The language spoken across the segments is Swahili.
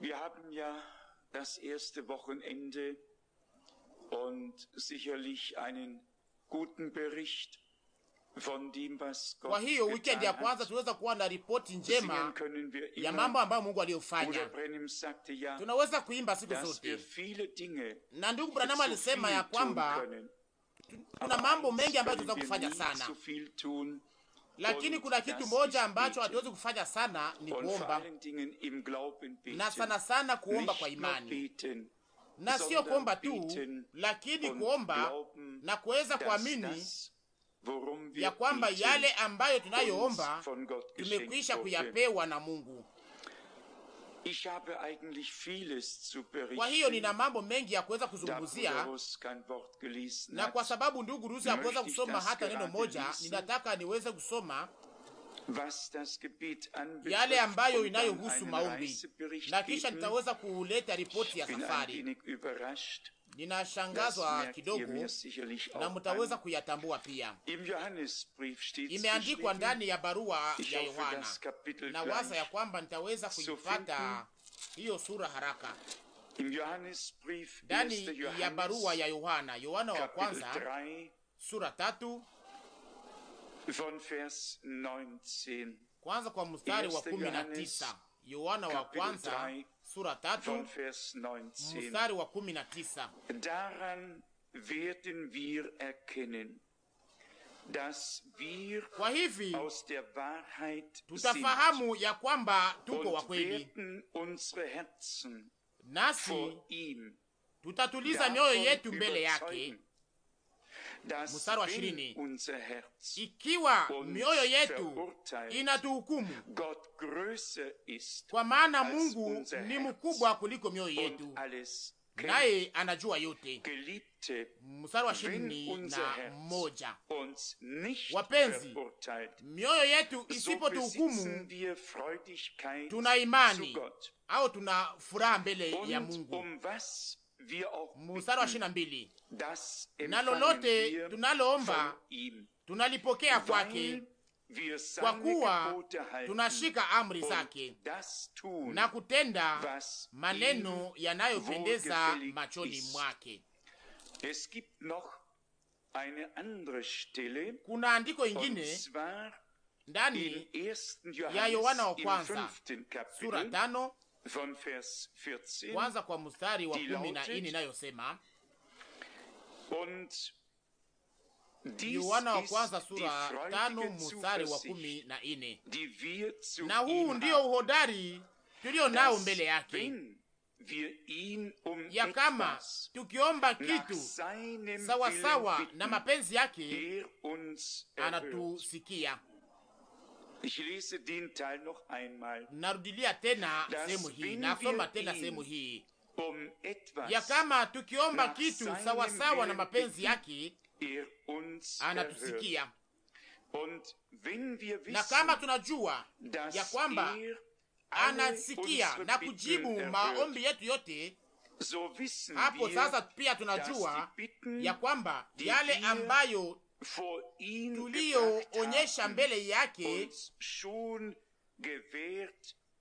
Wir haben ja das erste Wochenende und sicherlich einen guten Bericht von dem, was Gott. Kwa hiyo wikendi ya kwanza tunaweza kuwa na ripoti njema ya mambo ambayo Mungu aliyofanya. Tunaweza kuimba siku zote, na ndugu Branham alisema ya kwamba kuna mambo mengi ambayo tunaweza kufanya sana, lakini kuna kitu moja ambacho hatuwezi kufanya sana ni kuomba, na sana sana kuomba kwa imani, na sio kuomba tu, lakini kuomba na kuweza kuamini ya kwamba yale ambayo tunayoomba tumekwisha kuyapewa na Mungu. Kwa hiyo nina mambo mengi ya kuweza kuzungumzia, na kwa sababu ndugu Rusi hakuweza kusoma hata neno moja, ninataka niweze kusoma Was das yale ambayo um inayohusu maombi na kisha nitaweza kuleta ripoti ya safari. Ninashangazwa kidogo na mtaweza kuyatambua pia. Imeandikwa ndani ya barua ya Yohana, na waza ya kwamba nitaweza kuipata hmm? hiyo sura haraka ndani ya barua ya Yohana, Yohana wa kwanza sura tatu kwanza kwa mstari wa kumi na tisa Yohana wa kwanza sura tatu mstari wa kumi na tisa. Kwa hivi tutafahamu ya kwamba tuko wa kweli, nasi tutatuliza mioyo yetu mbele yake mstari wa ishirini ikiwa mioyo yetu inatuhukumu, kwa maana Mungu ni mkubwa kuliko mioyo yetu, naye anajua yote. Mstari wa ishirini na moja. Wapenzi, mioyo yetu isipotuhukumu, tuna imani au tuna furaha mbele ya Mungu. Um mstari wa ishirini na mbili na lolote tunaloomba tunalipokea kwake kwa kuwa tunashika amri zake na kutenda maneno yanayopendeza machoni mwake. Kuna andiko ingine ndani ya Yohana wa kwanza sura tano kwanza kwa mstari wa kumi na nne inayosema Yohana wa kwanza sura tano mstari wa kumi na nne na huu ndiyo uhodari tulio nao mbele yake um ya kama tukiomba kitu sawasawa na mapenzi yake anatusikia. Narudilia tena sehemu hii, nasoma tena sehemu hii um ya kama tukiomba kitu sawasawa sawa na mapenzi yake er anatusikia, na kama tunajua ya kwamba er anasikia na kujibu maombi yetu yote so hapo sasa pia tunajua ya kwamba yale ambayo tuliyoonyesha mbele yake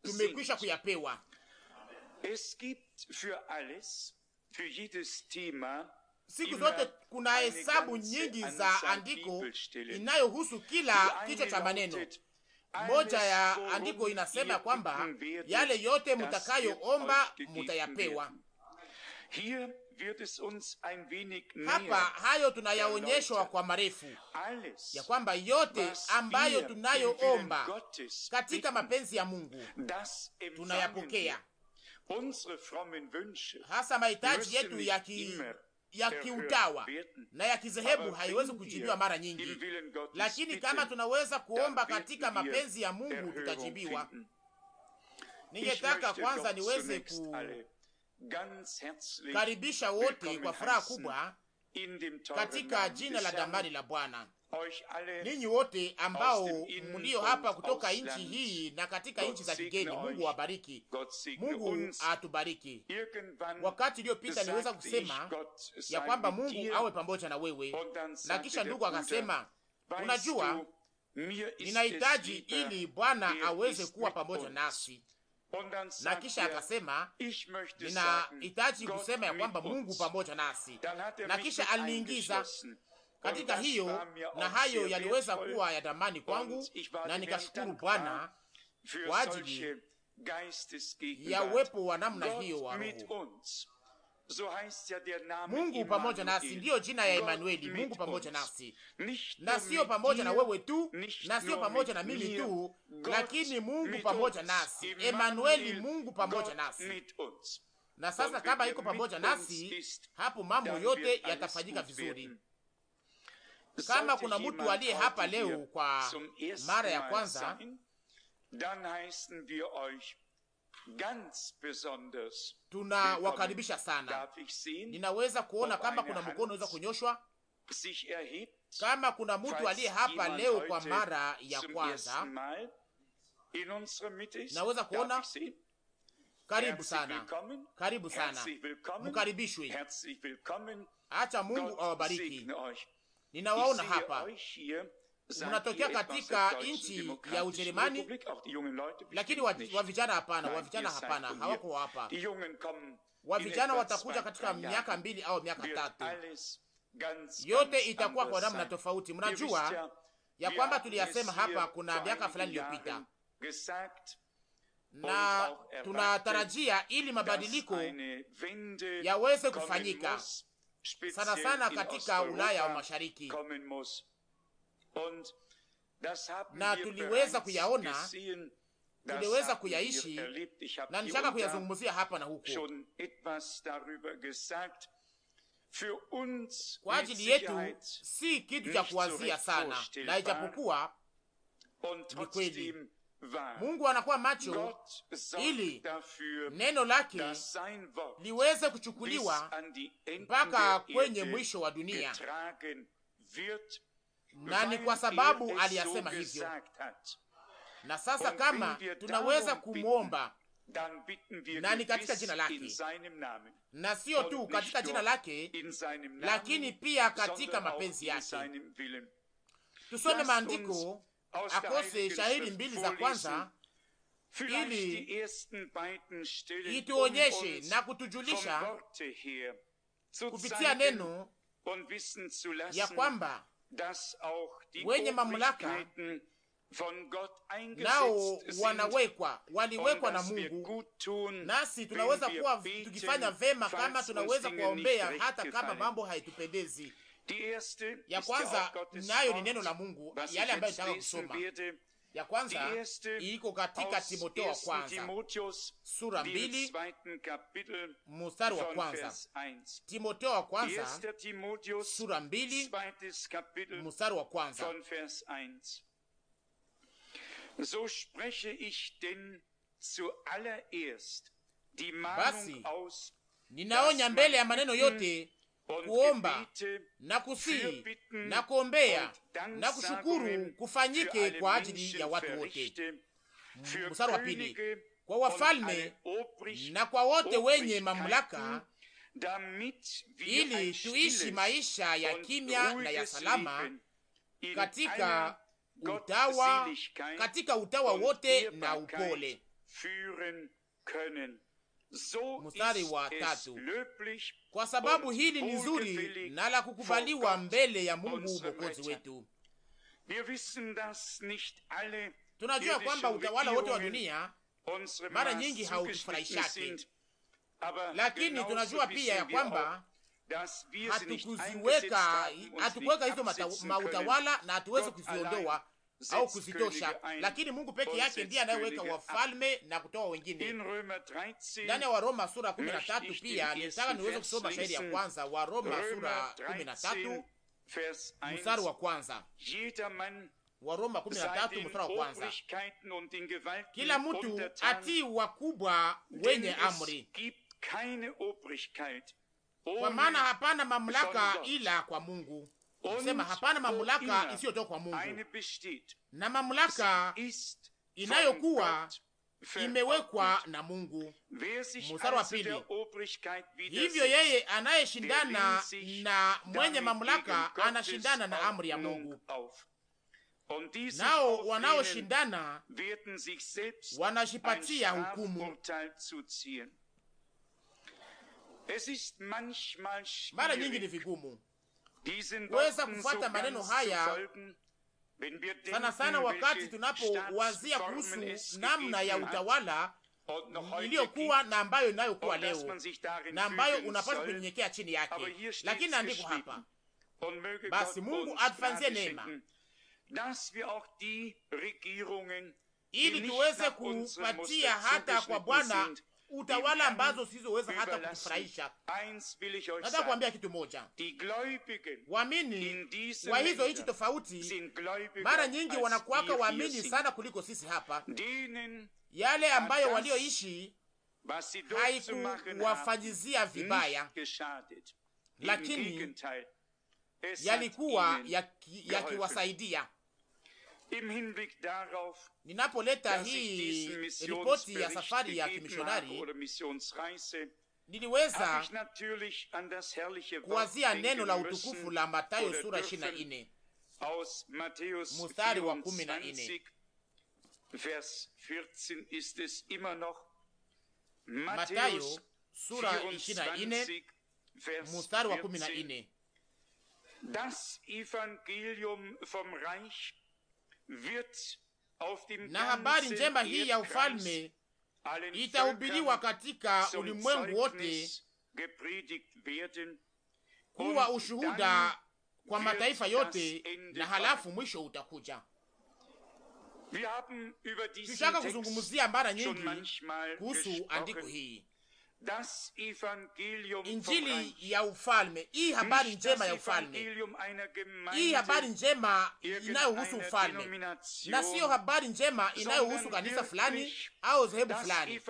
tumekwisha kuyapewa. Es gibt für alles, für jedes Thema, siku zote kuna hesabu nyingi za andiko inayohusu kila kichwa cha maneno. Moja ya andiko inasema kwamba yale yote mutakayoomba mutayapewa. Hapa hayo tunayaonyeshwa kwa marefu ya kwamba yote ambayo tunayoomba katika mapenzi ya Mungu tunayapokea, hasa mahitaji yetu ya ki ya kiutawa na ya kizehebu haiwezi kujibiwa mara nyingi, lakini kama tunaweza kuomba katika mapenzi ya Mungu tutajibiwa. Ningetaka kwanza niweze ku karibisha wote kwa furaha kubwa katika jina la damani la Bwana. Ninyi wote ambao mlio hapa kutoka nchi hii na katika nchi za kigeni, Mungu wabariki, Mungu atubariki. Wakati iliyopita niweza kusema ya kwamba Mungu awe pamoja na wewe, na kisha ndugu akasema, unajua ninahitaji ili Bwana aweze kuwa pamoja nasi na kisha akasema, ninahitaji kusema ya kwamba Mungu pamoja nasi, er na kisha aliniingiza katika hiyo, na hayo yaliweza kuwa ya damani kwangu, na nikashukuru Bwana kwa ajili ya uwepo wa namna hiyo wa Roho. Mungu pamoja nasi ndiyo jina ya Emanueli, Mungu pamoja nasi, na sio pamoja na wewe tu, na sio pamoja na mimi tu, lakini Mungu pamoja nasi, Emanueli, Mungu pamoja nasi. Na sasa kama iko pamoja nasi, hapo mambo yote yatafanyika vizuri. Kama kuna mtu aliye hapa leo kwa mara ya kwanza, tunawakaribisha sana. Ninaweza kuona kama kuna mkono unaweza kunyoshwa, kama kuna mtu aliye hapa leo kwa mara ya kwanza. Naweza kuona karibu sana, karibu sana, mkaribishwe. Acha Mungu awabariki. Ninawaona hapa unatokea katika nchi ya Ujerumani, lakini wa vijana hapana, wa vijana hapana, hawako hapa. Wa vijana watakuja katika miaka mbili au miaka tatu, yote itakuwa kwa namna tofauti. Mnajua ya kwamba tuliyasema hapa kuna miaka fulani iliyopita, na tunatarajia ili mabadiliko yaweze kufanyika sana sana katika Ulaya wa Mashariki na tuliweza kuyaona, tuliweza kuyaishi, na nitaka kuyazungumzia hapa na huko kwa ajili yetu. Si kitu cha kuwazia sana, na ijapokuwa ni kweli Mungu anakuwa macho ili neno lake liweze kuchukuliwa mpaka kwenye mwisho wa dunia na ni kwa sababu aliyasema hivyo. Na sasa kama tunaweza kumwomba na ni katika jina lake, na sio tu katika jina lake, lakini pia katika mapenzi yake. Tusome maandiko akose shahiri mbili za kwanza ili ituonyeshe na kutujulisha kupitia neno ya kwamba wenye mamlaka nao wanawekwa waliwekwa na Mungu, nasi tunaweza kuwa tukifanya vema kama tunaweza kuwaombea, hata kama mambo haitupendezi. Ya kwanza nayo ni neno la Mungu, yale ambayo nitaka kusoma ya kwanza iko katika Timoteo wa kwanza sura mbili mstari wa kwanza. Timoteo wa kwanza sura mbili mstari wa kwanza. So spreche ich denn zuallererst die Mahnung aus, basi ninaonya mbele ya maneno yote kuomba na kusii na kuombea na kushukuru kufanyike kwa ajili ya watu wote. Mm, mstari wa pili, kwa wafalme na kwa wote wenye mamlaka, ili tuishi maisha ya kimya na ya salama katika utawa, katika utawa wote na upole mstari wa tatu. Kwa sababu hili ni zuri na la kukubaliwa mbele ya Mungu Mwokozi wetu. Tunajua kwamba utawala wote wa dunia mara nyingi hautufurahishaki, lakini tunajua pia ya kwamba hatukuziweka hatukuweka hizo mautawala na hatuwezi kuziondoa au kuzitosha, lakini Mungu peke yake ndiye anayeweka wafalme na kutoa wengine. Ndani ya Waroma sura 13 pia nitaka niweze kusoma shahidi ya kwanza, Waroma sura 13 na mstari wa kwanza. Waroma kumi mstari wa kwanza, kila mtu atii wakubwa wenye amri, kwa maana hapana mamlaka ila kwa Mungu. Sema hapana mamlaka isiyotoka kwa Mungu, na mamlaka inayokuwa imewekwa na Mungu. Mstari wa pili, hivyo yeye anayeshindana na mwenye mamlaka anashindana na amri ya Mungu, nao wanaoshindana wanajipatia hukumu. Mara nyingi ni vigumu kuweza kufata maneno haya sana sana, wakati tunapowazia kuhusu namna ya utawala iliyokuwa na ambayo inayokuwa leo na ambayo unapaswa kunyenyekea chini yake, lakini naandiko hapa basi, Mungu atufanzie neema ili tuweze kupatia hata kwa Bwana utawala ambazo sizoweza hata kutufurahisha. Nataka kuambia kitu moja, waamini wa hizo nchi tofauti mara nyingi wanakuwaka waamini sana kuliko sisi hapa. Yale ambayo walioishi haikuwafanyizia vibaya, lakini yalikuwa yakiwasaidia yaki Ninapoleta hii ripoti ya safari ya kimishonari niliweza kuwazia neno la utukufu la Matayo sura 24 mstari wa 14. Matayo sura 24 mstari wa 14. Das Evangelium vom Reich na habari njema hii ya ufalme itahubiriwa katika ulimwengu wote kuwa ushuhuda kwa mataifa yote, na halafu mwisho utakuja. Tushaka kuzungumzia mara nyingi kuhusu andiko hii Injili ya ufalme, hii habari njema ya ufalme, hii habari njema inayohusu ufalme, na siyo habari njema inayohusu kanisa fulani au dhehebu fulani,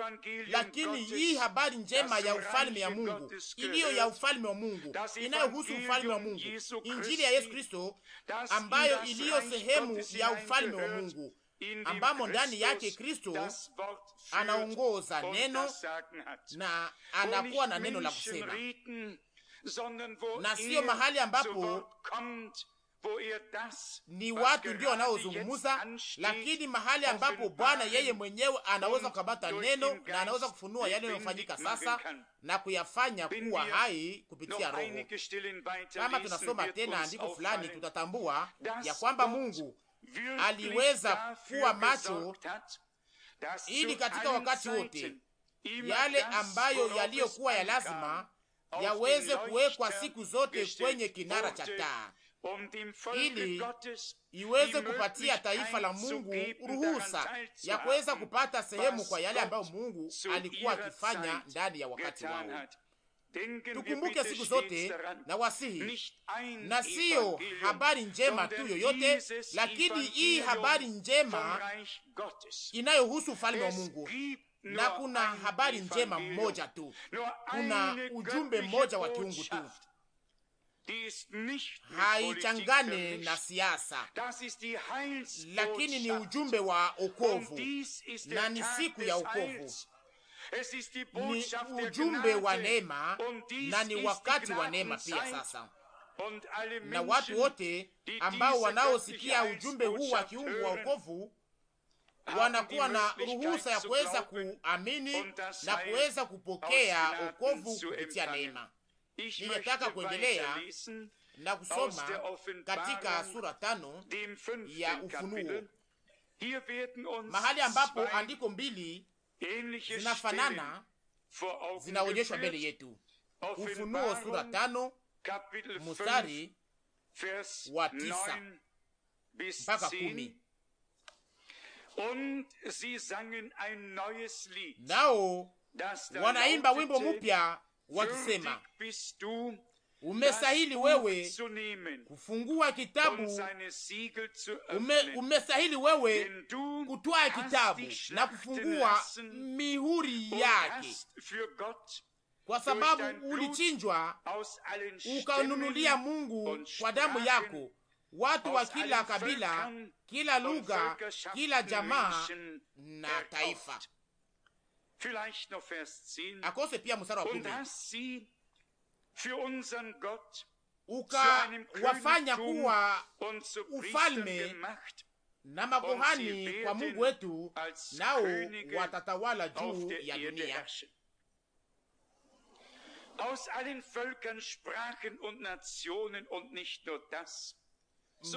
lakini hii habari njema ya ufalme ya Mungu iliyo ya ufalme wa Mungu inayohusu ufalme wa Mungu, injili ya Yesu Kristo ambayo iliyo sehemu ya ufalme wa Mungu ambamo ndani yake Kristo anaongoza neno na anakuwa na neno la kusema, na siyo mahali ambapo ni watu ndio wanaozungumza, lakini mahali ambapo Bwana yeye mwenyewe anaweza kukabata neno na anaweza kufunua yale yanayofanyika sasa na kuyafanya kuwa hai kupitia Roho. Kama tunasoma tena andiko fulani, tutatambua ya kwamba Mungu aliweza kuwa macho ili katika wakati wote yale ambayo yaliyokuwa ya lazima yaweze kuwekwa siku zote kwenye kinara cha taa ili iweze kupatia taifa la Mungu ruhusa ya kuweza kupata sehemu kwa yale ambayo Mungu alikuwa akifanya ndani ya wakati wao. Tukumbuke siku zote na wasihi, na siyo habari njema tu yoyote, lakini hii habari njema inayohusu ufalme wa Mungu. Na kuna habari njema mmoja tu, kuna ujumbe mmoja wa kiungu tu, haichangane na siasa, lakini ni ujumbe wa okovu na ni siku ya okovu ni ujumbe wa neema na ni wakati wa neema pia sasa, na watu wote ambao wanaosikia ujumbe huu wa kiungu wa wokovu wanakuwa na ruhusa ya kuweza kuamini na kuweza kupokea wokovu kupitia neema. Ningetaka kuendelea na kusoma katika sura tano ya Ufunuo mahali ambapo andiko mbili zinafanana, zinaonyeshwa mbele yetu. Ufunuo sura tano mstari wa tisa mpaka kumi. Nao wanaimba wimbo mpya wakisema Umestahili wewe kufungua kitabu, um umestahili wewe kutwaa kitabu na kufungua mihuri yake, kwa sababu ulichinjwa ukanunulia Mungu kwa damu yako watu wa kila kabila, kila lugha, kila jamaa na taifa. Akose pia msara wa kumi ukawafanya kuwa ufalme na makohani kwa Mungu wetu, nao watatawala juu ya dunia. Aus allen Völkern, Sprachen und Nationen und nicht nur das.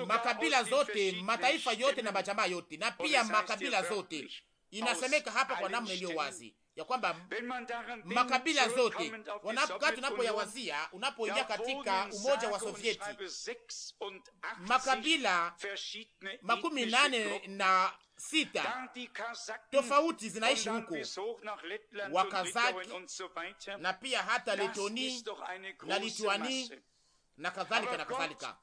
Makabila zote, mataifa yote na majamaa yote, na pia makabila zote, inasemeka hapa kwa namna iliyo wazi ya kwamba makabila zote wakati unapoyawazia, unapoingia katika umoja wa Sovieti, makabila makumi nane na sita tofauti zinaishi huko, Wakazaki na pia hata Letoni na Lituani na kadhalika na kadhalika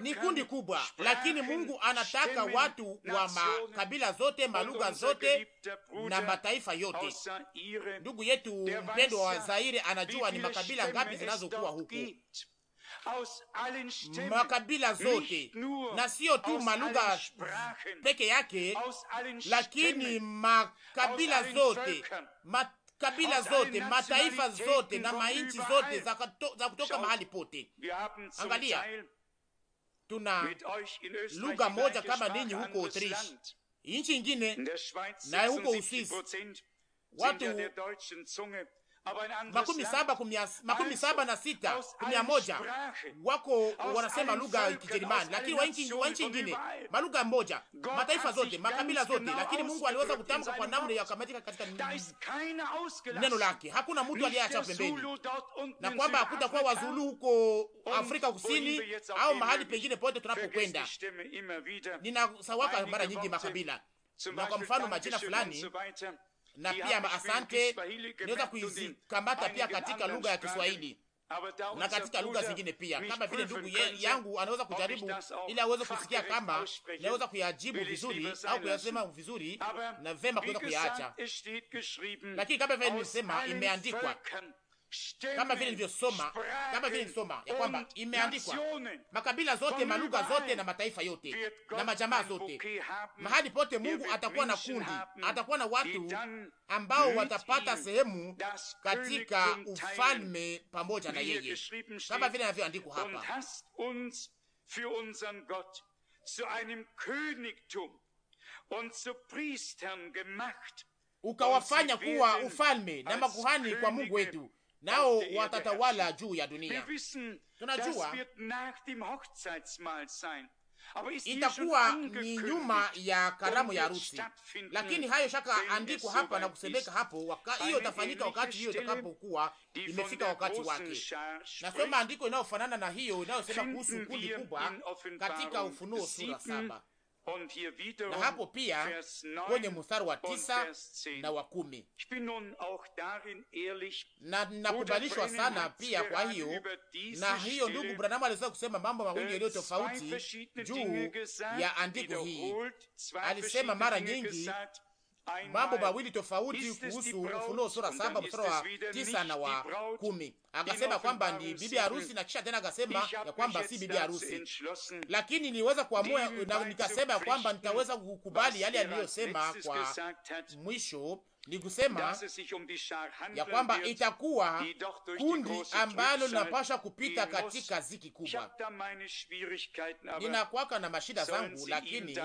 ni kundi kubwa, lakini Mungu anataka watu wa makabila zote, malugha zote na mataifa yote. Ndugu yetu mpendwa wa Zaire anajua ni makabila ngapi zinazokuwa huku, makabila zote, na sio tu malugha peke yake, lakini makabila zote, ma kabila zote, mataifa zote na mainchi zote za, kato, za kutoka mahali pote. Angalia, tuna lugha moja kama ninyi huko Autriche, inchi ingine na huko Uswisi watu makumi saba kumia, makumi saba na sita kumia moja wako wanasema lugha ya Kijerumani, lakini wa nchi ingine malugha moja, mataifa zote, makabila zote, lakini Mungu aliweza kutamka kwa namna ya kamatika katika neno lake. Hakuna mtu aliyeacha pembeni, na kwamba hakutakuwa wazulu huko Afrika Kusini au mahali pengine pote tunapokwenda. Ninasawaka mara nyingi makabila na kwa mfano majina fulani na pia asante, niweza kuizikamata pia katika lugha ya Kiswahili na katika lugha zingine pia, kama vile ndugu yangu anaweza kujaribu ili aweze kusikia kama naweza kuyajibu vizuri au kuyasema vizuri na vema kuweza kuyaacha, lakini kama vile nilisema, imeandikwa kama vile nilivyosoma, kama vile nilisoma ya kwamba imeandikwa makabila zote, malugha zote, na mataifa yote na majamaa zote, mahali pote Mungu atakuwa na kundi, atakuwa na watu ambao watapata sehemu katika ufalme pamoja na yeye, kama vile inavyoandikwa hapa ukawafanya kuwa ufalme na makuhani kwa Mungu wetu nao watatawala juu ya dunia. Tunajua itakuwa ni nyuma ya karamu ya harusi, lakini hayo shaka andikwa hapa na kusemeka hapo. hiyo itafanyika wakati hiyo itakapokuwa imefika wakati wake. Nasoma andiko inayofanana na hiyo inayosema kuhusu kundi kubwa katika Ufunuo sura saba na hapo pia kwenye mstari wa tisa na wa kumi. Na nakubalishwa sana pia. Kwa hiyo na hiyo, ndugu Branamu aliweza kusema mambo mawili yaliyo äh, tofauti juu ya andiko hii. Alisema mara nyingi mambo mawili tofauti kuhusu Ufunuo sura saba mstari wa tisa na wa kumi. Akasema kwamba ni bibi harusi, na kisha tena akasema ya kwamba si bibi harusi, lakini niliweza kuamua na nikasema kwamba nitaweza kukubali yale aliyosema kwa mwisho ni kusema um ya kwamba itakuwa kundi ambalo linapasha kupita katika ziki kubwa. Ninakwaka na mashida zangu, lakini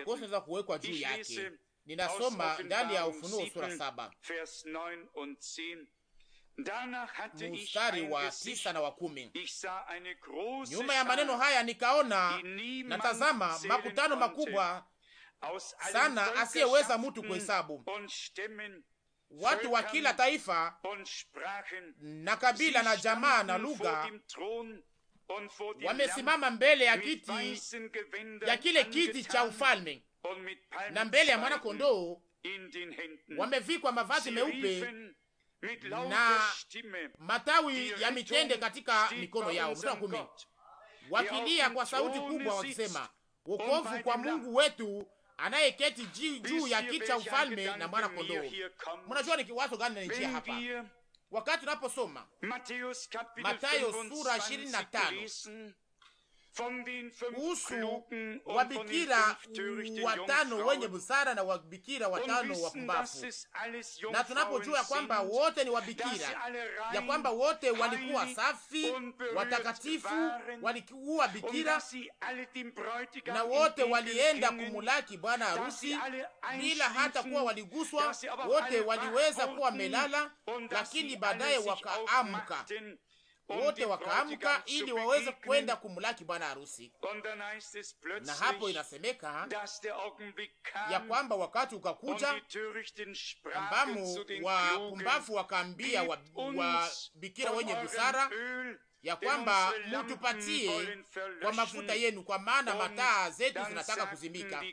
akose kuwekwa juu yake. Ninasoma ndani ya Ufunuo sura saba mstari wa tisa na wa kumi. Nyuma ya maneno haya nikaona, natazama makutano makubwa sana asiyeweza mutu kuhesabu, watu wa kila taifa na kabila na jamaa na lugha wamesimama mbele ya kiti ya kile kiti cha ufalme na mbele ya kondoo wamevikwa mavazi meupe na matawi ya mitende katika mikono yao. Kumi, wakilia kwa sauti kubwa wakisema, wokovu kwa Mungu wetu anayeketi juu ya kiti cha ufalme na mwana kondoo. Mnajua ni kiwazo gani na hapa wakati tunaposoma Matayo sura ishirini 25 kuhusu wabikira watano wenye busara na wabikira watano wapumbavu, na tunapojua ya kwamba wote ni wabikira, ya kwamba wote walikuwa safi, watakatifu, walikuwa bikira, um na wote walienda kumulaki bwana harusi bila hata kuwa waliguswa, wote waliweza kuwa melala, lakini baadaye wakaamka wote wakaamka ili waweze kwenda kumlaki bwana harusi. Na hapo inasemeka ya kwamba wakati ukakuja ambamo wapumbavu wakaambia wabikira wa wenye busara ya kwamba mutupatie mm, kwa mafuta yenu, kwa maana mataa zetu zinataka kuzimika.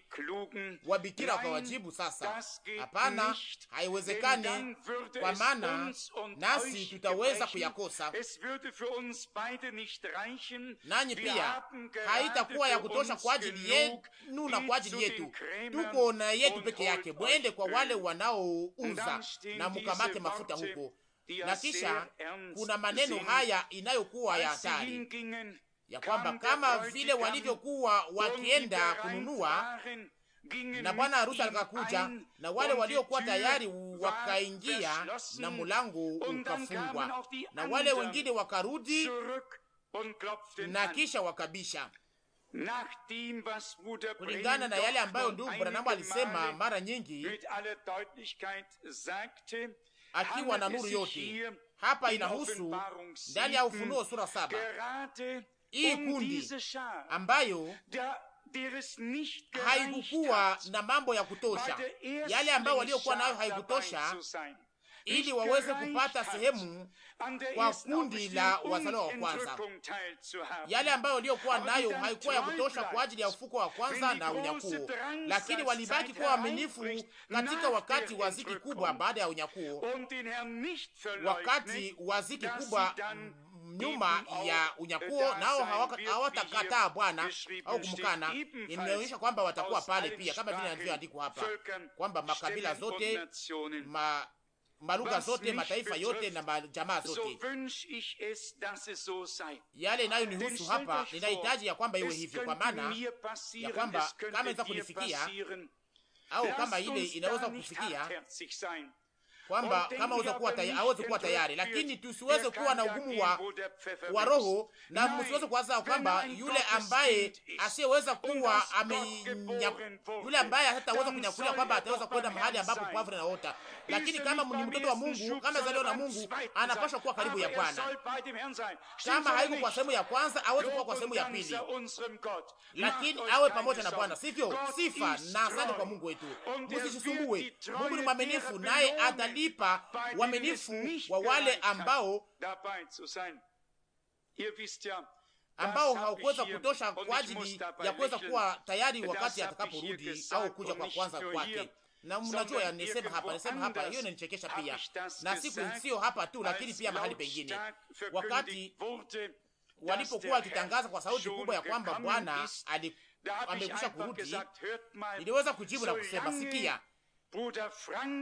Wabikira wakawajibu, sasa hapana, haiwezekani, kwa maana nasi tutaweza kuyakosa, nanyi pia haitakuwa ya kutosha kwa ajili yenu na kwa ajili yetu, tuko na yetu peke yake. Mwende kwa wale wanaouza na mukamate mafuta huko na kisha kuna maneno haya inayokuwa ya hatari ya kwamba kama vile walivyokuwa wakienda kununua na bwana harusi alikakuja, na wale waliokuwa tayari wakaingia na mulango ukafungwa, na wale wengine wakarudi na kisha wakabisha, kulingana na yale ambayo ndugu Branamu alisema mara nyingi akiwa na nuru yote. Hapa inahusu ndani ya Ufunuo sura saba hii um kundi ambayo haikukuwa na mambo ya kutosha, yale ambayo waliokuwa nayo haikutosha ili waweze kupata sehemu kwa kundi la wazaliwa wa kwanza. Yale ambayo waliokuwa nayo haikuwa ya kutosha kwa ajili ya ufuko wa kwanza na unyakuo, lakini walibaki kuwa waaminifu katika wakati wa ziki kubwa baada ya unyakuo, wakati wa ziki kubwa nyuma ya unyakuo, nao hawatakataa Bwana au kumkana. imeonyesha kwamba watakuwa pale pia, kama vile alivyoandikwa hapa kwamba makabila zote ma maluga zote, mataifa yote na majamaa zote. yale nayo nihusu hapa, ninahitaji ya kwamba iwe hivyo, kwa maana ya kwamba kama inaweza kunifikia au kama ile inaweza kufikia kwamba kama kuwa tayari, aweze kuwa tayari, lakini tusiweze kuwa na ugumu wa, wa roho na msiweze kuwaza kwamba yule ambaye asiyeweza kuwa ame, yule ambaye hataweza kunyakulia kwamba ataweza kwenda mahali ambapo kwa pwavu inaota. Lakini kama ni mtoto wa Mungu, kama zaliwa na Mungu, anapaswa kuwa karibu ya Bwana. Kama haiko kwa sehemu ya kwanza, aweze kuwa kwa sehemu ya pili, lakini awe pamoja na Bwana, sivyo? Sifa na asante kwa Mungu wetu, msijisumbue. Mungu ni mwaminifu, naye atali kulipa uaminifu wa wale ambao ambao hawakuweza kutosha kwa ajili ya kuweza kuwa tayari wakati atakaporudi au kuja kwa kwanza kwake. Na mnajua nisema hapa, nisema hapa, hiyo inanichekesha pia, na siku sio hapa tu, lakini pia mahali pengine, wakati walipokuwa wakitangaza kwa sauti kubwa ya kwamba Bwana amekwisha kurudi, niliweza kujibu na kusema, sikia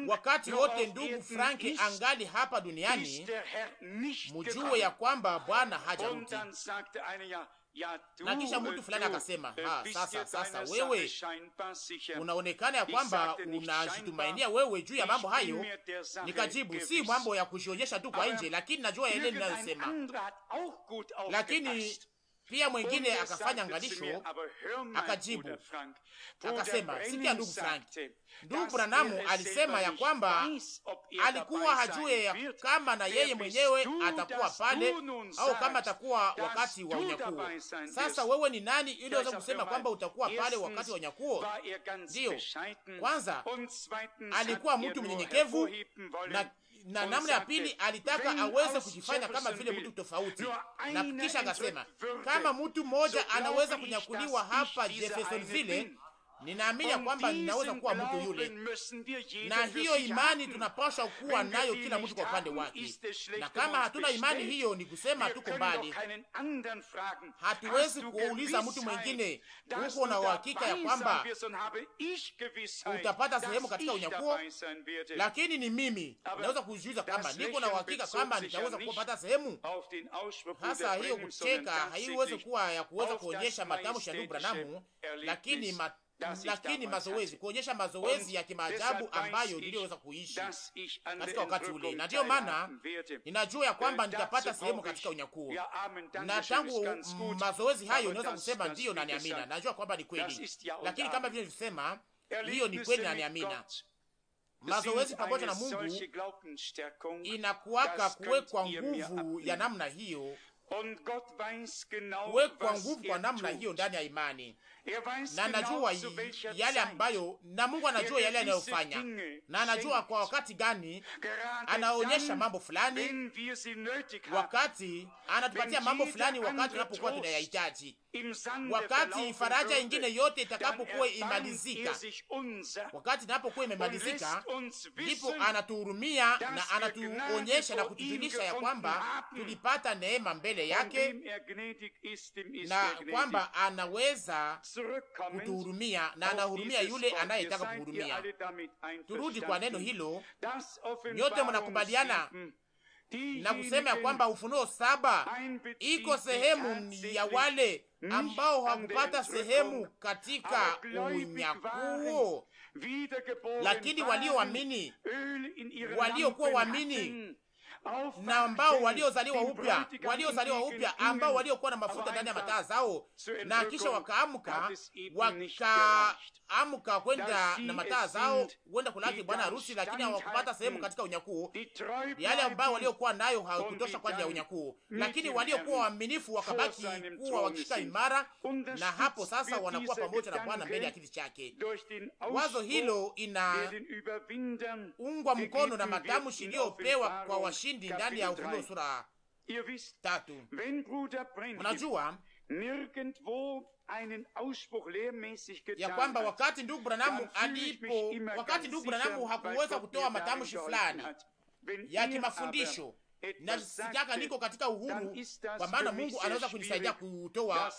Wakati wote ndugu Franki angali hapa duniani, mujue ya kwamba Bwana hajarudi. Na kisha mtu äh, fulani akasema, äh, ha, sasa sasa wewe unaonekana ya kwamba unajitumainia wewe juu ya mambo hayo. Nikajibu, si mambo ya kujionyesha tu kwa nje, lakini najua yale ninayosema, lakini pia mwengine akafanya angalisho, akajibu akasema, sikia ndugu Frank, ndugu Branamu alisema ya kwamba alikuwa hajue kama na yeye mwenyewe atakuwa pale au kama atakuwa wakati wa unyakuo. Sasa wewe ni nani ili uweze kusema kwamba utakuwa pale wakati wa unyakuo? Ndiyo, kwanza alikuwa mtu mnyenyekevu na na namna ya pili alitaka aweze kujifanya kama vile mtu tofauti, na kisha akasema kama mtu mmoja anaweza kunyakuliwa hapa Jeffersonville Ninaamini kwamba ninaweza kuwa mtu yule, na hiyo imani tunapaswa kuwa nayo kila mtu kwa upande wake, na kama hatuna imani hiyo, ni kusema tuko mbali. Hatuwezi kuuliza mtu mwingine, uko na uhakika ya kwamba utapata sehemu katika unyakuo? Lakini ni mimi naweza kujiuliza kwamba niko na uhakika kwamba nitaweza kupata sehemu hasa. Hiyo kucheka haiwezi kuwa ya kuweza kuonyesha matamshi ya ndugu Branamu, lakini mat lakini mazoezi kuonyesha mazoezi ya kimaajabu ambayo niliyoweza kuishi katika wakati ule, na ndiyo maana ninajua ya kwamba nitapata sehemu katika unyakuo. Na tangu mazoezi hayo niweza kusema ndiyo na niamina, najua kwamba ni kweli, lakini kama vile nilisema, hiyo ni kweli na niamina mazoezi pamoja na Mungu inakuwaka kuwekwa nguvu ya namna hiyo, kuwekwa nguvu kwa namna hiyo ndani ya imani, na anajua yale ambayo, na Mungu anajua yale anayofanya, na anajua kwa wakati gani anaonyesha mambo fulani, wakati anatupatia mambo fulani, wakati tunapokuwa tunayahitaji, wakati faraja ingine yote itakapokuwa imalizika, wakati inapokuwa imemalizika, ndipo anatuhurumia na anatuonyesha na kutujulisha ya kwamba tulipata neema mbele yake na kwamba anaweza kutuhurumia na anahurumia yule anayetaka kuhurumia. Turudi kwa neno hilo. Nyote mnakubaliana na kusema ya kwamba Ufunuo saba iko sehemu ya wale ambao hawakupata sehemu katika unyakuo, lakini walioamini, waliokuwa waamini na ambao waliozaliwa upya, waliozaliwa upya, ambao waliokuwa na mafuta ndani ya mataa zao, na kisha wakaamka, wakaamka kwenda na mataa zao, kwenda kulaki bwana harusi, lakini hawakupata sehemu katika unyakuu. Yale ambao waliokuwa nayo hawakutosha kwa ajili ya unyakuu, lakini waliokuwa waaminifu wakabaki kuwa wakishika imara, na hapo sasa wanakuwa pamoja na Bwana mbele ya kiti chake. Wazo hilo inaungwa mkono na matamshi iliyopewa kwa washi ushindi ndani ya Ufunuo sura tatu. Unajua ya kwamba wakati ndugu Branamu alipo, wakati ndugu Branamu hakuweza kutoa matamshi fulani ya kimafundisho na sijaka niko katika uhuru, kwa maana Mungu anaweza kunisaidia kutoa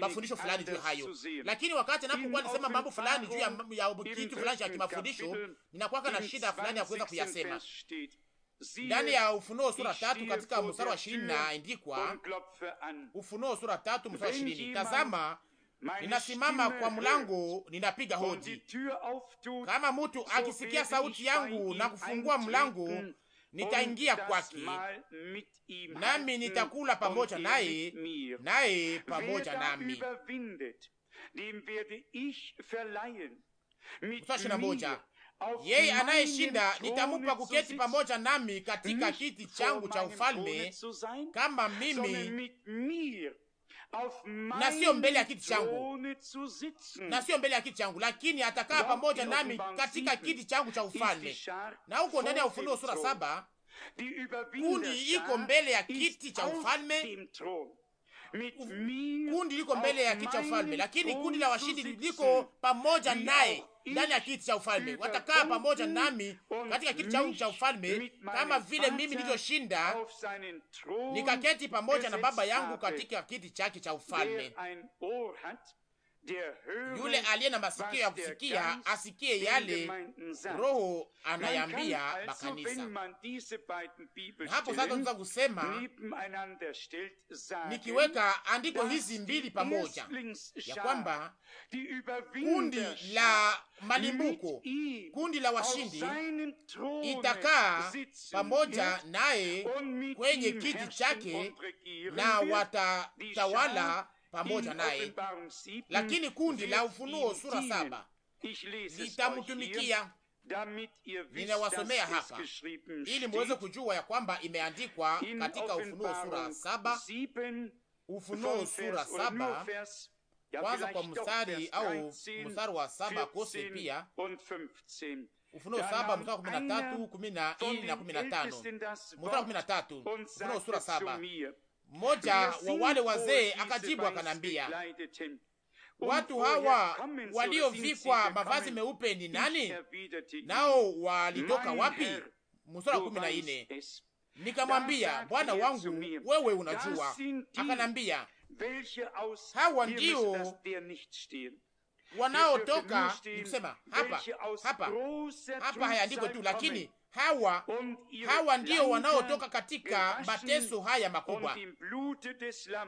mafundisho fulani juu hayo. Lakini wakati anapokuwa nisema mambo fulani juu ya kitu fulani cha kimafundisho, ninakuwa na shida fulani ya kuweza kuyasema ndani ya Ufunuo sura tatu katika mstari wa ishirini naandikwa, Ufunuo sura tatu mstari wa ishirini tazama ninasimama kwa mlango, ninapiga hodi. Kama mtu akisikia sauti yangu na kufungua mlango, nitaingia kwake, nami nitakula pamoja naye, naye pamoja nami. Mstari wa ishirini na moja yeye anayeshinda nitamupa kuketi pamoja nami katika kiti changu cha ufalme kama mimi, na sio mbele ya kiti changu, na sio mbele ya kiti changu, lakini atakaa pamoja nami katika kiti changu cha ufalme. Na huko ndani ya Ufunuo sura saba kundi iko mbele ya kiti cha ufalme kundi liko mbele ya kiti cha ufalme, lakini kundi la washindi liko pamoja naye ndani ya kiti cha ufalme, watakaa pamoja nami katika kiti changu cha ufalme, kama vile mimi nilivyoshinda nikaketi pamoja na Baba yangu katika kiti chake cha ufalme. Yule aliye na masikio ya kusikia asikie yale Roho anayambia makanisa. Hapo sasa tunaweza kusema nikiweka andiko hizi mbili pamoja, ya kwamba kundi la malimbuko, kundi la washindi itakaa pamoja naye kwenye kiti chake na watatawala pamoja naye, lakini kundi la Ufunuo sura saba nitamtumikia. Ninawasomea hapa ili muweze kujua ya kwamba imeandikwa katika Ufunuo sura saba Ufunuo sura saba kwanza kwa mstari au mstari wa saba kose pia Ufunuo saba mstari wa kumi na tatu kumi na nne na kumi na tano mstari wa kumi na tatu Ufunuo sura saba mmoja wa wale wazee akajibu akanambia, watu hawa waliovikwa mavazi meupe ni nani? Nao walitoka wapi? Musura kumi na ine Nikamwambia, Bwana wangu wewe unajua. Akanambia, hawa ndio wanaotoka nikusema hapa hapa hapa, hayaandikwe tu, lakini hawa hawa ndio wanaotoka katika mateso haya makubwa,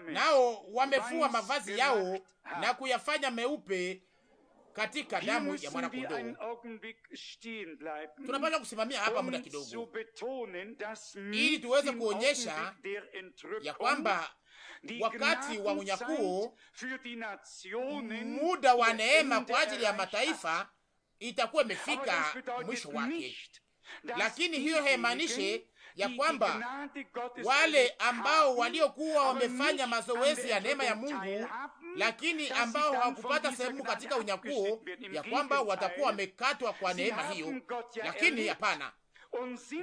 nao wamefua mavazi yao na kuyafanya meupe katika damu ya mwanakondoo. Tunapaswa kusimamia hapa muda kidogo, ili tuweze kuonyesha ya kwamba wakati wa unyakuo, muda wa neema kwa ajili ya mataifa itakuwa imefika mwisho wake lakini hiyo haimaanishi ya kwamba wale ambao waliokuwa wamefanya mazoezi ya neema ya Mungu lakini ambao hawakupata sehemu katika unyakuo ya kwamba watakuwa eh? wamekatwa kwa neema hiyo, lakini eh? hapana,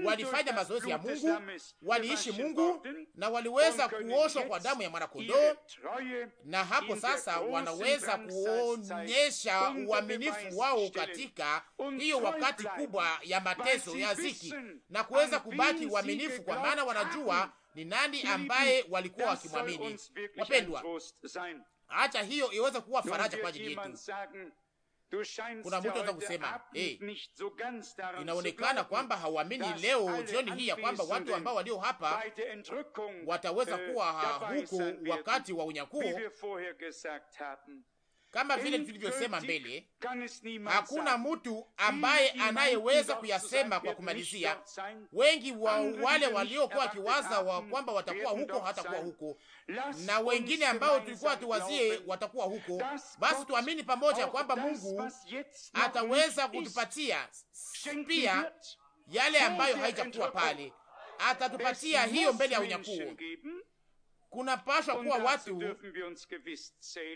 walifanya mazoezi ya Mungu, waliishi Mungu na waliweza kuoshwa kwa damu ya mwanakondoo, na hapo sasa wanaweza kuonyesha uaminifu wao katika hiyo wakati kubwa ya mateso ya ziki, na kuweza kubaki uaminifu, kwa maana wanajua ni nani ambaye walikuwa wakimwamini. Wapendwa, acha hiyo iweze kuwa faraja kwa ajili yetu. Kuna mtu anaweza kusema hey, inaonekana kwamba hauamini leo jioni hii ya kwamba watu ambao walio hapa wataweza äh, kuwa huko wakati wa unyakuo kama vile tulivyosema mbele, hakuna mtu ambaye anayeweza kuyasema kwa kumalizia. Wengi wa wale waliokuwa wakiwaza wa kwamba watakuwa huko hatakuwa huko, na wengine ambao tulikuwa tuwazie watakuwa huko. Basi tuamini pamoja kwamba Mungu ataweza kutupatia pia yale ambayo haijakuwa pale, atatupatia hiyo mbele ya unyakuo kunapashwa kuwa watu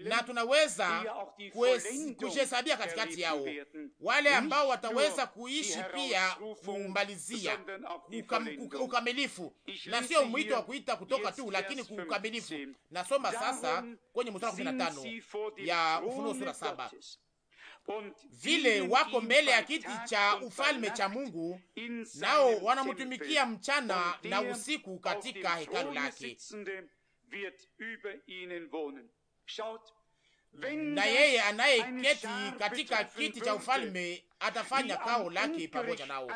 na tunaweza kujihesabia katikati yao, wale ambao wataweza kuishi pia kumalizia ukamilifu, na sio mwito wa kuita kutoka tu, lakini kuukamilifu. Nasoma sasa kwenye mstari kumi na tano ya Ufunuo sura saba vile wako mbele ya kiti cha ufalme cha Mungu, nao wanamutumikia mchana na usiku katika hekalu lake na yeye anayeketi katika kiti cha ufalme atafanya kao lake pamoja nao.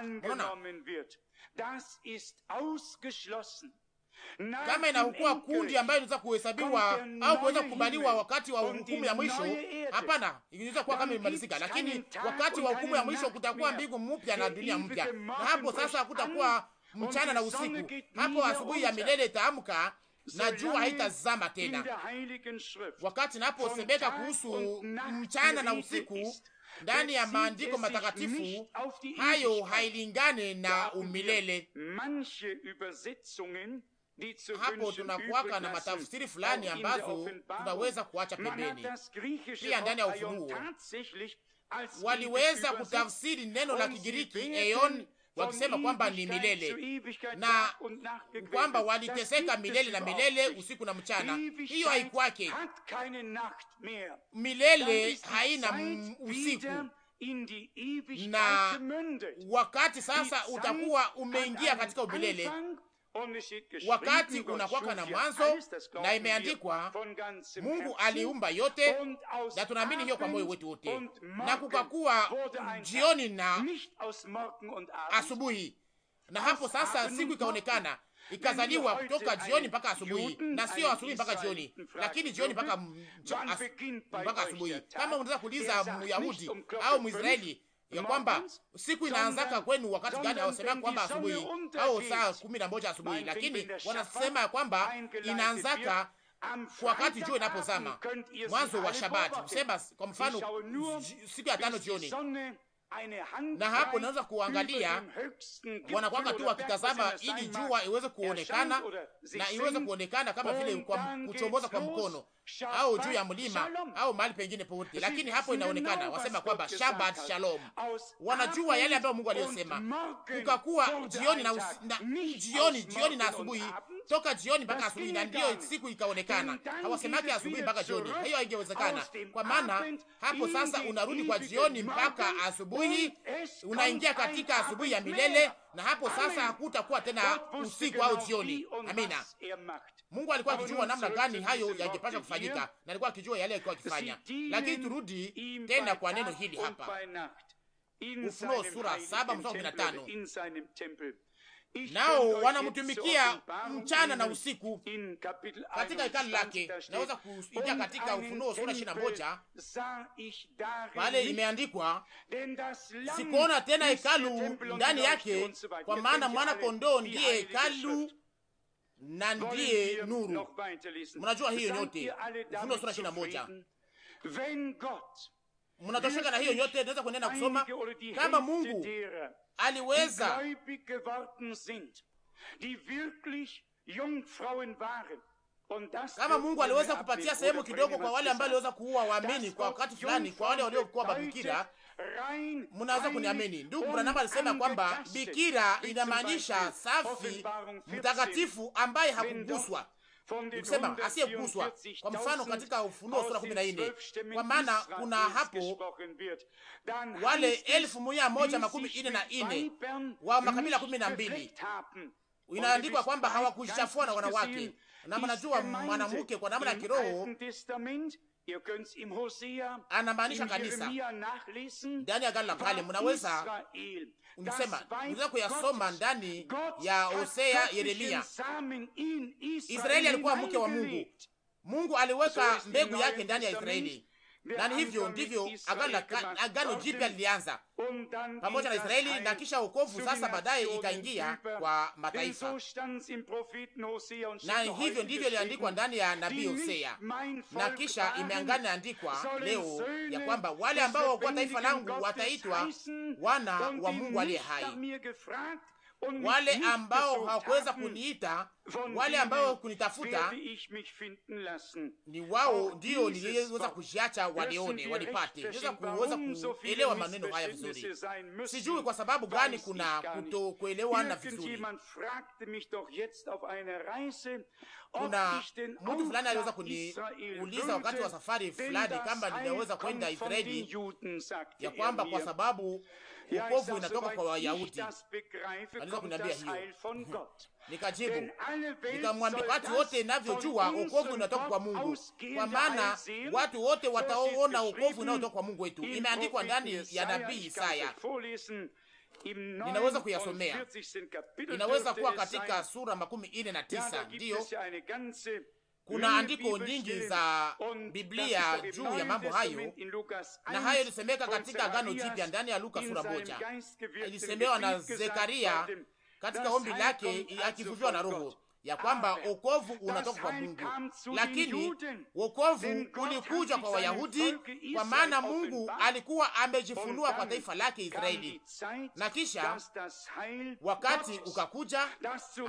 kama inakuwa kundi ambayo inaweza kuhesabiwa au kuweza kukubaliwa wakati wa hukumu ya mwisho. Hapana, inaweza kuwa kama imemalizika, lakini wakati wa hukumu ya mwisho kutakuwa mbingu mpya na dunia mpya, na hapo sasa hakutakuwa mchana na usiku. Hapo asubuhi ya milele itaamka na jua haitazama tena. Wakati naposemeka kuhusu mchana na usiku ndani ya maandiko matakatifu hayo hailingane na um umilele. Hapo tunakuwaka na matafsiri fulani ambazo tunaweza kuacha pembeni. Pia ndani ya Ufunuo waliweza kutafsiri neno la Kigiriki eon wakisema kwamba ni milele na kwamba waliteseka milele na milele, usiku na mchana. Hiyo haikwake milele, haina usiku na wakati. Sasa utakuwa umeingia katika umilele, wakati unakwaka na mwanzo, na imeandikwa Mungu aliumba yote, na tunaamini hiyo kwa moyo wetu wote, na kukakuwa jioni na asubuhi, na hapo sasa siku ikaonekana ikazaliwa kutoka jioni mpaka asubuhi, na sio asubuhi mpaka jioni, lakini jioni mpaka mpaka asubuhi. Kama unaweza kuuliza Myahudi um au Mwisraeli ya kwamba siku inaanzaka kwenu wakati gani? Hawasemea kwamba asubuhi au saa kumi na moja asubuhi, lakini wanasema ya kwamba inaanzaka wakati jua inapozama, mwanzo wa Shabati. Kusema kwa mfano, siku ya tano jioni na hapo naweza kuangalia, wanakwanga tu wakitazama ili jua iweze kuonekana er na iweze kuonekana kama vile kwa kuchomboza kwa mkono au juu ya mlima au mahali pengine pote, lakini hapo inaonekana. Wasema kwamba Shabbat Shalom, wanajua yale ambayo Mungu aliyosema. Ukakuwa jioni na, us, na jioni jioni na asubuhi, toka jioni mpaka asubuhi, na ndiyo siku ikaonekana. Hawasemake asubuhi mpaka jioni, hiyo haingewezekana, kwa maana hapo sasa unarudi kwa jioni mpaka asubuhi asubuhi, unaingia katika asubuhi ya milele, na hapo sasa hakutakuwa tena usiku au jioni. Amina. Mungu alikuwa akijua namna gani hayo yangepasha kufanyika, na alikuwa akijua yale alikuwa akifanya. Lakini turudi tena kwa neno hili hapa, Ufunuo sura saba mstari kumi na tano nao wanamtumikia mchana na usiku katika hekalu lake. Naweza kuingia katika Ufunuo sura ishirini na moja pale imeandikwa, sikuona tena hekalu ndani yake, kwa maana mwana kondoo ndiye hekalu na ndiye nuru. Mnajua hiyo nyote, Ufunuo sura ishirini na moja. Mnatosheka na hiyo yote, naweza kuendelea na kusoma kama Mungu aliweza kama Mungu aliweza kupatia sehemu kidogo kwa wale ambao waliweza kuua waamini kwa wakati fulani, kwa wale waliokuwa mabikira. Mnaweza kuniamini ndugu, Branham alisema kwamba bikira inamaanisha safi, mtakatifu, ambaye hakuguswa Nikusema asiyeguswa. Kwa mfano katika Ufunuo sura kumi na nne kwa maana kuna hapo wale elfu mia moja makumi nne na nne wa makabila kumi na mbili inaandikwa kwamba hawakujichafua na wanawake, na mnajua mwanamke kwa namna ya kiroho anamaanisha kanisa ndani ya Agano la Kale. Mnaweza msema, mnaweza kuyasoma ndani ya Hosea, Yeremia. Israeli alikuwa mke wa Mungu. Mungu aliweka mbegu yake ndani ya Israeli na ni hivyo ndivyo agano jipya lilianza pamoja na Israeli, na kisha wokovu sasa baadaye ikaingia kwa mataifa, na hivyo ndivyo iliandikwa ndani ya nabii Hosea, na kisha imeangana andikwa leo ya kwamba wale ambao wakuwa taifa langu wataitwa wana wa Mungu aliye hai wale ambao hawakuweza kuniita, wale ambao kunitafuta, ni wao ndio niliweza kujiacha walione, walipate Niweza kuweza kuelewa maneno haya vizuri. Sijui kwa sababu gani kuna kutokuelewana vizuri. Kuna mtu fulani aliweza kuniuliza wakati wa safari fulani kama ninaweza kwenda Israeli, ya kwamba er kwa sababu upovu inatoka kwa Wayahudi. Aliweza kuniambia hiyo, nikajibu nikamwambia, watu wote inavyojua ukovu inatoka kwa Mungu, kwa maana watu wote wataona ukovu unaotoka kwa Mungu wetu. Imeandikwa ndani ya nabii Isaya. Ninaweza kuyasomea, inaweza kuwa katika sura makumi ine na tisa ndiyo kuna andiko nyingi za Biblia juu ya mambo hayo, na hayo ilisemeka katika Agano Jipya ndani ya Luka sura moja, ilisemewa na Zekaria katika ombi lake akivuviwa na Roho ya kwamba wokovu unatoka kwa Mungu, lakini wokovu ulikuja kwa Wayahudi, kwa maana Mungu alikuwa amejifunua kwa taifa lake Israeli, na kisha wakati ukakuja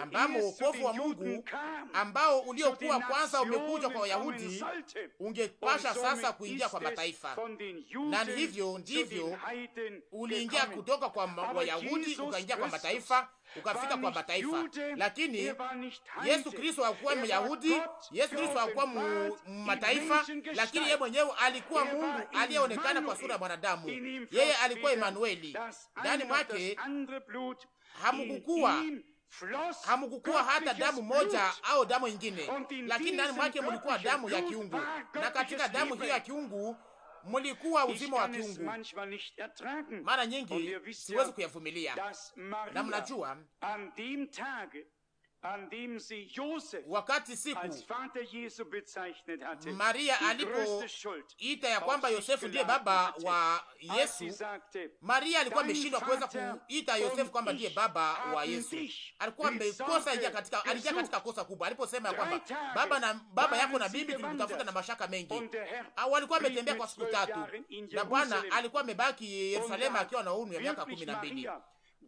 ambamo wokovu wa Mungu ambao uliokuwa kwanza umekuja kwa Wayahudi ungepasha sasa kuingia kwa mataifa, na hivyo ndivyo uliingia kutoka kwa Wayahudi ukaingia kwa mataifa ukafika kwa mataifa, lakini er Yesu Kristo hakuwa er Myahudi, Yesu Kristo hakuwa mataifa, lakini yeye mwenyewe alikuwa er Mungu aliyeonekana kwa sura ya mwanadamu. Yeye alikuwa Emanueli. Ndani mwake hamukukuwa hamukukuwa hata damu moja au damu ingine, lakini ndani mwake mulikuwa damu ya kiungu, na katika damu hiyo ya kiungu mulikuwa uzima wa kiungu. Mara nyingi siwezi kuyavumilia, na mnajua wakati siku Maria alipoita ya kwamba Yosefu ndiye baba wa Yesu, Maria alikuwa ameshindwa kuweza kuita Yosefu kwamba ndiye baba wa Yesu. Alikuwa amekosa, alijia katika, alijia katika kosa kubwa aliposema ya kwamba baba, na, baba yako na bibi tulikutafuta na mashaka mengi. Walikuwa ametembea kwa siku tatu na Bwana alikuwa amebaki Yerusalema er akiwa na umri ya miaka kumi na mbili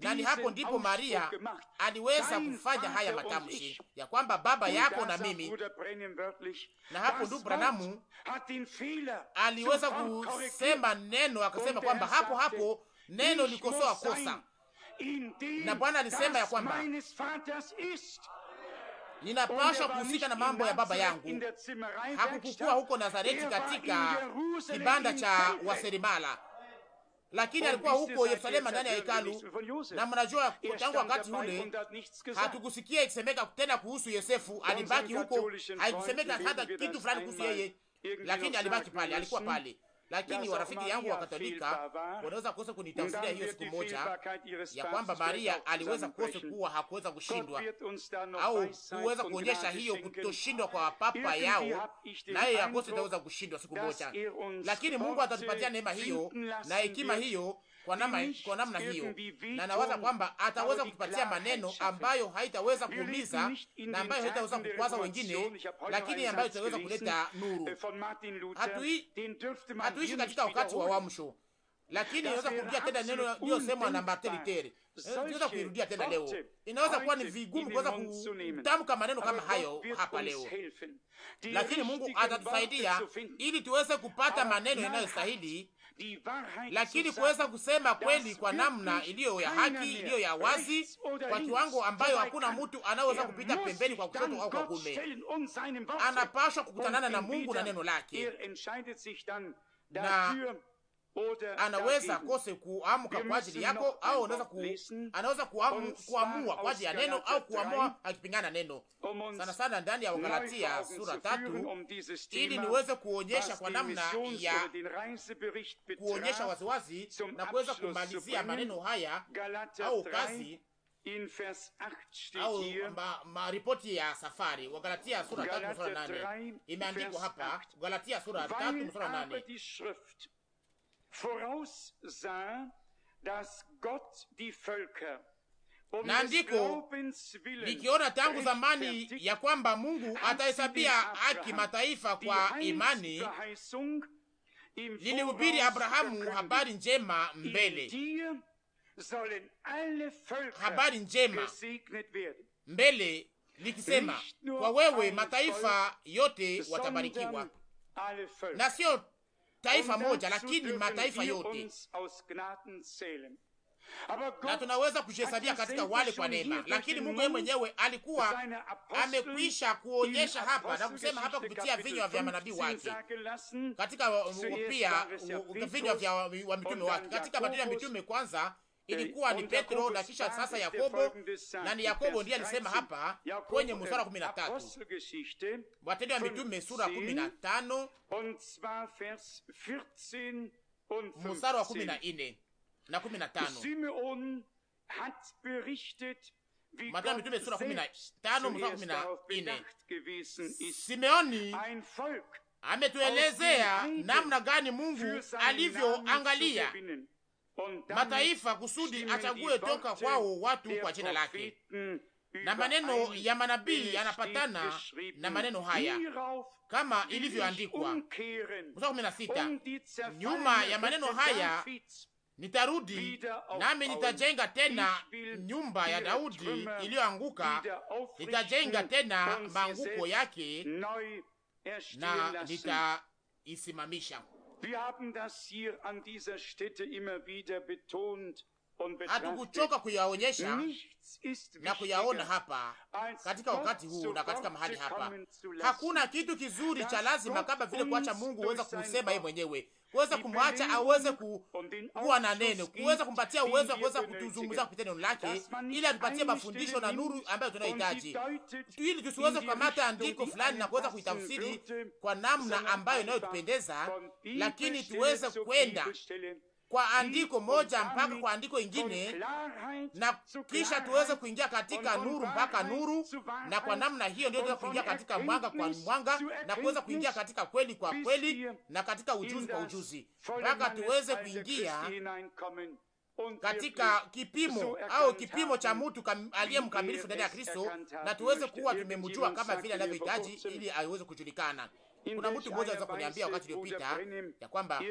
na ni hapo ndipo Maria aliweza kufanya haya matamshi ya kwamba baba yako na mimi. Na hapo ndipo Branamu aliweza kusema neno, akasema kwamba er hapo hapo neno likosoa kosa, na Bwana alisema ya kwamba ninapasha er kuhusika na mambo ya baba yangu. Hakukukuwa huko Nazareti er katika kibanda cha waserimala lakini alikuwa huko Yerusalemu ndani ya hekalu, na mnajua tangu wakati ule hatukusikia ikisemeka tena kuhusu Yosefu. Alibaki huko, haikusemeka hata kitu fulani kuhusu yeye, lakini alibaki pale, alikuwa pale lakini warafiki yangu wa Katolika wanaweza kuweza kunitafsiria hiyo siku moja ya kwamba Maria aliweza kuweza kuwa hakuweza kushindwa au kuweza kuonyesha hiyo kutoshindwa kwa papa yao, naye yakose itaweza kushindwa siku moja, er lakini Mungu atatupatia neema hiyo na hekima hiyo kwa namna kwa namna hiyo, na nawaza kwamba ataweza kutupatia maneno ambayo haitaweza kuumiza na ambayo haitaweza kukwaza wengine, lakini ambayo itaweza kuleta uh, nuru. Hatuishi katika wakati wa wamsho, lakini inaweza kurudia tena neno iliyosemwa na Martin Luther, eh, inaweza kuirudia tena leo. Inaweza kuwa ni vigumu kuweza kutamka maneno kama hayo hapa leo, lakini Mungu atatusaidia ili tuweze kupata maneno yanayostahili lakini kuweza kusema kweli kwa namna iliyo ya haki, iliyo ya wazi, kwa kiwango ambayo hakuna mtu anayeweza kupita pembeni kwa kushoto au kwa kume. Anapashwa kukutanana na Mungu na neno lake er na anaweza kose kuamka kwa ajili yako, au anaweza ku, anaweza kuamu, kuamua kwa ajili ya neno au kuamua akipingana neno, sana sana ndani ya Wagalatia sura tatu, ili niweze kuonyesha kwa namna ya kuonyesha waziwazi na kuweza kumalizia maneno haya au kazi au ma, ma ya safari Wagalatia sura tatu mstari nane imeandikwa hapa, Galatia sura tatu mstari nane na andiko likiona tangu zamani ya kwamba Mungu atahesabia haki mataifa kwa imani, lilihubiri Abrahamu habari njema mbele, habari njema mbele likisema, kwa wewe mataifa yote watabarikiwa, na sio taifa moja, lakini mataifa yote, na tunaweza kujihesabia katika wale kwa neema. Lakini Mungu yeye mwenyewe alikuwa amekwisha kuonyesha hapa na kusema hapa kupitia vinywa vya manabii wake, katika uh, uh, pia uh, vinywa vya wa mitume wake, katika matendo ya mitume kwanza ilikuwa ni Petro na kisha sasa Yakobo, na ni Yakobo ndiye alisema hapa kwenye mstari wa kumi na tatu Watendo wa Mitume sura ya kumi na tano mstari wa kumi na nne na kumi na tano Matendo ya Mitume sura kumi na tano mstari wa kumi na nne Simeoni ametuelezea namna gani Mungu alivyoangalia mataifa kusudi achague toka kwao watu kwa jina lake. Mm, na maneno ya manabii yanapatana na maneno haya kama ilivyoandikwa, nyuma ya maneno haya nitarudi nami nitajenga tena nyumba ya Daudi iliyoanguka, nitajenga tena maanguko yake na nitaisimamisha hatu kuyaonyesha na kuyaona hapa katika wakati huu na katika mahali hapa. Hakuna kitu kizuri cha lazima kama vile kuacha Mungu uweza kusema yeye mwenyewe kuweza kumwacha aweze kuwa na neno, kuweza kumpatia uwezo wa kuweza kutuzungumza kupitia neno lake, ili atupatie mafundisho na nuru ambayo tunahitaji, ili tusiweze kukamata andiko fulani na kuweza kuitafsiri kwa namna ambayo inayotupendeza, lakini tuweze kwenda kwa andiko moja mpaka kwa andiko ingine, na kisha tuweze kuingia katika nuru mpaka nuru, na kwa namna hiyo ndio kuingia katika mwanga kwa mwanga, na kuweza kuingia katika kweli kwa kweli, na katika ujuzi kwa ujuzi, mpaka tuweze kuingia katika kipimo au kipimo cha mtu aliye mkamilifu ndani ya Kristo, na tuweze kuwa tumemjua kama vile anavyohitaji, ili aweze kujulikana. Kuna mtu mmoja anaweza kuniambia wakati uliopita ya kwamba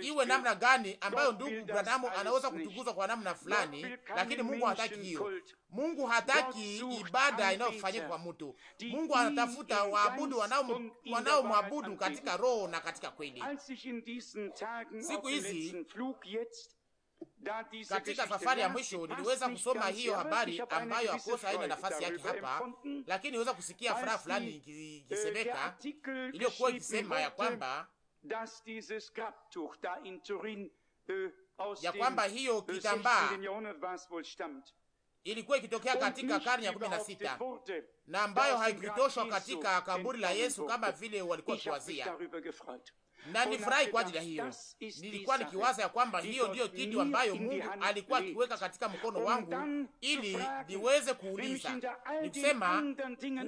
iwe namna gani ambayo ndugu Branham anaweza kutukuzwa kwa namna fulani, lakini Mungu hataki hiyo. Mungu hataki ibada inayofanyika kwa mtu. Mungu anatafuta waabudu wanaomwabudu katika roho na katika kweli. Siku hizi katika safari ya mwisho niliweza kusoma hiyo habari ambayo akosa haina nafasi yake hapa, lakini niweza kusikia furaha fulani ikisemeka, eh, iliyokuwa ikisema ya kwamba eh, ya kwamba hiyo eh, kitambaa ilikuwa ikitokea katika karne ya kumi na sita na ambayo haikutoshwa katika kaburi la Yesu kama vile walikuwa kiwazia na nifurahi kwa ajili ya hiyo. Nilikuwa eh? nikiwaza ya kwamba hiyo ndiyo kitu ambayo Mungu alikuwa akiweka katika mkono wangu ili niweze kuuliza, nikusema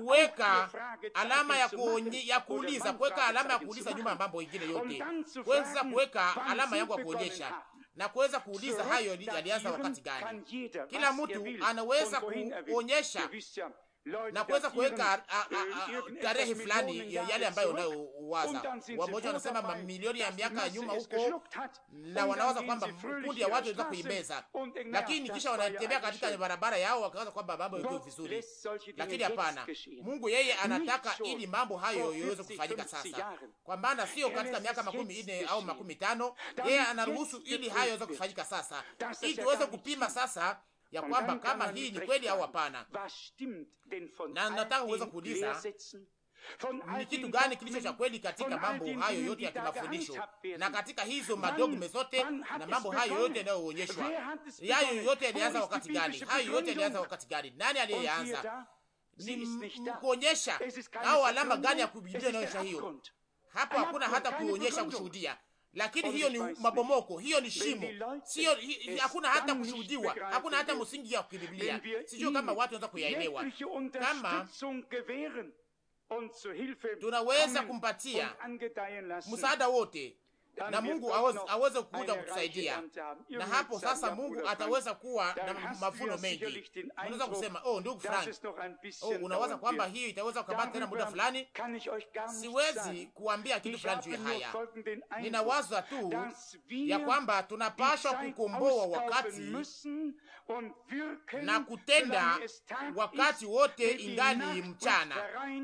kuweka alama ya kuonye, ya kuuliza, kuweka alama ya kuuliza nyuma ya mambo ingine yote, kuweza kuweka alama yangu ya kuonyesha na kuweza kuuliza hayo yalianza wakati gani. Kila mtu anaweza kuonyesha na kuweza kuweka ah, ah, ah, tarehe fulani ya yale ambayo unayowaza. Wamoja wanasema mamilioni ya miaka ya nyuma huko, na wanawaza kwamba kundi ya watu waliweza kuimeza, lakini kisha wanatembea katika barabara yao wakawaza kwamba mambo yako vizuri, lakini hapana. Mungu yeye anataka ili mambo hayo yaweze kufanyika sasa, kwa maana sio katika miaka makumi nne au makumi tano. Yeye anaruhusu ili hayo yaweze kufanyika sasa, ili tuweze kupima sasa ya kwamba kama hii ni kweli au hapana, na nataka uweza kuuliza ni kitu gani kilicho cha kweli katika mambo hayo yote ya kimafundisho na katika hizo madogme zote na mambo hayo yote yanayoonyeshwa. yayo yote yalianza wakati gani? Hayo yote yalianza wakati gani? Nani aliyeanza? Ni kuonyesha au alama gani ya kubidia inaonyesha hiyo? Hapo hakuna hata kuonyesha kushuhudia lakini hiyo ni mabomoko, hiyo ni shimo, sio hakuna hata kushuhudiwa, hakuna hata msingi ya kibiblia. Sio kama watu wanaweza kuyaelewa kama tunaweza kumpatia msaada wote na Mungu aweze kuja kutusaidia, na hapo sasa Mungu ataweza kuwa na mavuno mengi. Unaweza kusema oh, ndugu Frank, oh, unawaza kwamba hiyo itaweza kukabata tena muda fulani. Siwezi kuambia kitu fulani juu haya, ninawaza tu ya kwamba tunapashwa kukomboa wakati na kutenda wakati wote ingali mchana,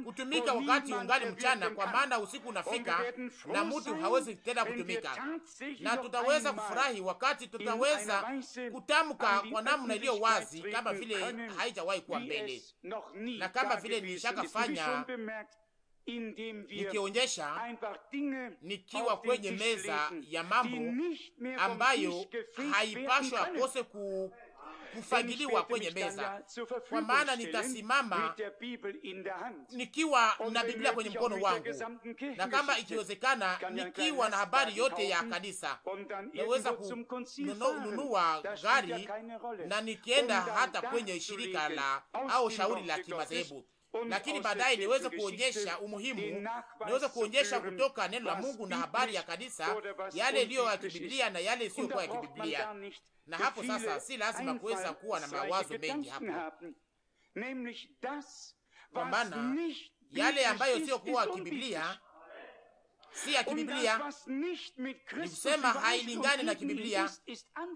kutumika wakati ungali mchana, kwa maana usiku unafika na mtu hawezi tena kutumika, na tutaweza kufurahi wakati tutaweza kutamka kwa namna iliyo wazi, kama vile haijawahi kuwa mbele e na kama vile nilishakafanya nikionyesha nikiwa kwenye meza ya mambo ambayo haipashwa kose ku kufagiliwa kwenye meza, kwa maana nitasimama nikiwa na Biblia kwenye mkono wangu, na kama ikiwezekana, nikiwa na habari yote ya kanisa. Naweza kununua gari na nikienda hata kwenye shirika la au shauri la kimadhehebu lakini baadaye niweze kuonyesha umuhimu, niweze kuonyesha kutoka neno la Mungu na habari ya kanisa yale iliyo ya kibiblia na yale isiyokuwa ya kibiblia. Na hapo sasa si lazima kuweza kuwa na mawazo mengi hapo, kwa maana yale ambayo siyokuwa kibiblia si ya kibiblia, nikusema hailingani na kibiblia,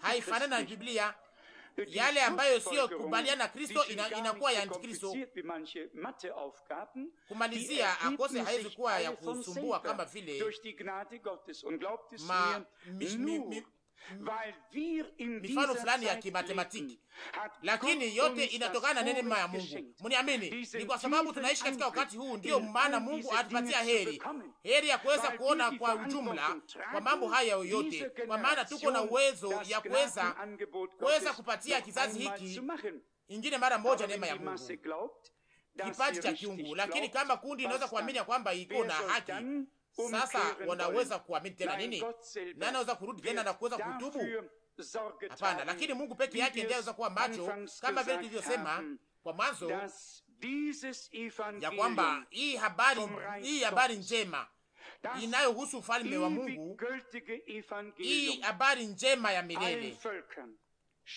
haifanani na kibiblia yale ambayo siyo kubalia na Kristo inakuwa ya Antikristo. Kumalizia, akose haiwezi kuwa ya kusumbua kama vile Mm. mifano fulani ya kimatematiki, lakini yote inatokana na neno ya Mungu. Mniamini, ni kwa sababu tunaishi katika wakati huu, ndiyo maana Mungu atupatia heri, heri ya kuweza kuona kwa ujumla kwa mambo haya yoyote kwa maana tuko na uwezo ya kuweza kuweza kupatia kizazi hiki ingine mara moja neema ya Mungu, kipaji cha kiungu. Lakini kama kundi inaweza kuamini ya kwamba iko na haki Um Sasa wanaweza kuamini tena nini? Na anaweza kurudi tena na kuweza kutubu? Hapana, lakini Mungu peke yake ndiye anaweza kuwa macho, kama vile tulivyosema kwa mwanzo ya kwamba hii habari, hii habari njema inayohusu ufalme wa Mungu, hii habari njema ya milele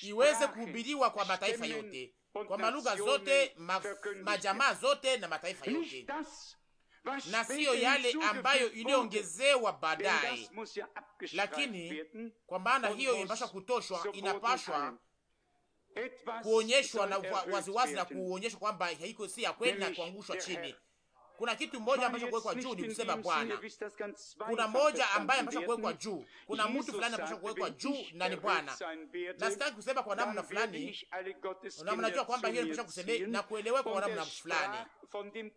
iweze kuhubiriwa kwa mataifa yote, kwa malugha zote, ma, majamaa zote na mataifa yote na siyo yale ambayo iliyoongezewa baadaye, lakini kwa maana hiyo inapaswa kutoshwa, inapaswa kuonyeshwa na waziwazi na kuonyeshwa kwamba haiko si ya kweli na kuangushwa chini. Kuna kitu mmoja ambacho kuwekwa juu ni kusema Bwana. Kuna moja ambaye ambacho kuwekwa juu. Kuna mtu fulani ambacho kuwekwa juu na ni Bwana. Na sitaki kusema kwa namna fulani. Na mnajua kwamba hiyo inapaswa kusema na kuelewa kwa namna fulani.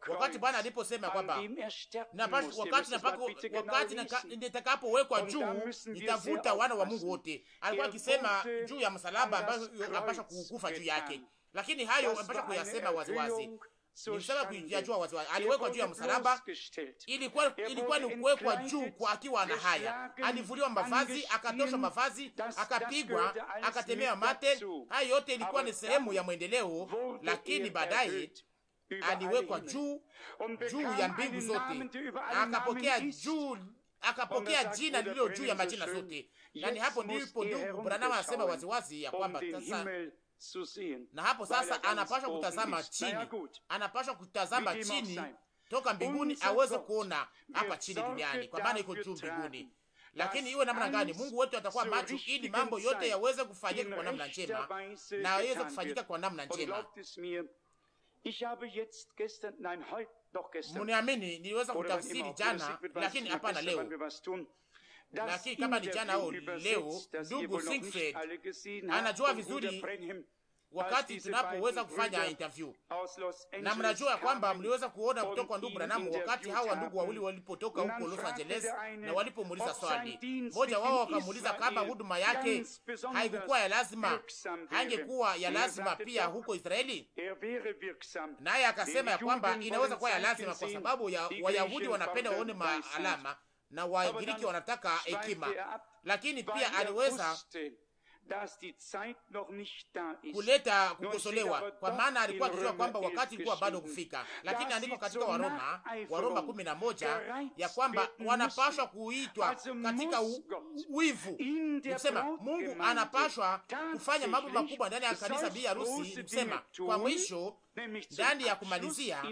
Wakati Bwana aliposema kwamba na wakati na pako wakati nitakapowekwa juu nitavuta wana wa Mungu wote. Alikuwa akisema juu ya msalaba ambao ambacho kukufa juu yake. Lakini hayo ambacho kuyasema waziwazi si ulitaka kujua watu aliwekwa juu ya msalaba, ilikuwa ilikuwa ni kuwekwa juu kwa akiwa na haya. Alivuliwa mavazi, akatoshwa mavazi, akapigwa, akatemewa mate. Hayo yote ilikuwa ni sehemu ya mwendeleo, lakini baadaye aliwekwa juu juu ya mbingu zote, akapokea juu akapokea er jina lililo juu ya majina zote. Nani hapo ndipo ndugu Branham anasema waziwazi ya um kwamba sasa na hapo sasa anapashwa kutazama chini, anapashwa kutazama chini toka mbinguni aweze kuona hapa chini duniani, kwa maana iko juu mbinguni. Lakini iwe namna gani, Mungu wetu atakuwa macho ili mambo yote yaweze kufanyika kwa namna njema na aweze kufanyika kwa namna njema. Mniamini, niliweza kutafsiri jana, lakini hapana leo lakini kama ni jana au leo, ndugu Siegfried anajua vizuri wakati tunapoweza kufanya interview, na mnajua kwamba mliweza kuona kutoka kwa ndugu Branamu wakati hawa ndugu wawili walipotoka huko Los Angeles na walipomuuliza swali, mmoja wao wakamuuliza kama huduma yake haikukuwa ya lazima, haingekuwa ya er lazima pia huko Israeli, er naye akasema ya kwamba inaweza kuwa ya lazima kwa sababu ya Wayahudi wanapenda waone maalama na Wagiriki wanataka hekima, lakini pia aliweza kuleta kukosolewa, kwa maana alikuwa akijua kwamba wakati ulikuwa bado kufika. Lakini andiko katika Waroma, Waroma kumi na moja, ya kwamba wanapashwa kuitwa katika wivu, kusema Mungu anapashwa kufanya mambo makubwa ndani ya kanisa bila harusi, kusema kwa mwisho, ndani ya kumalizia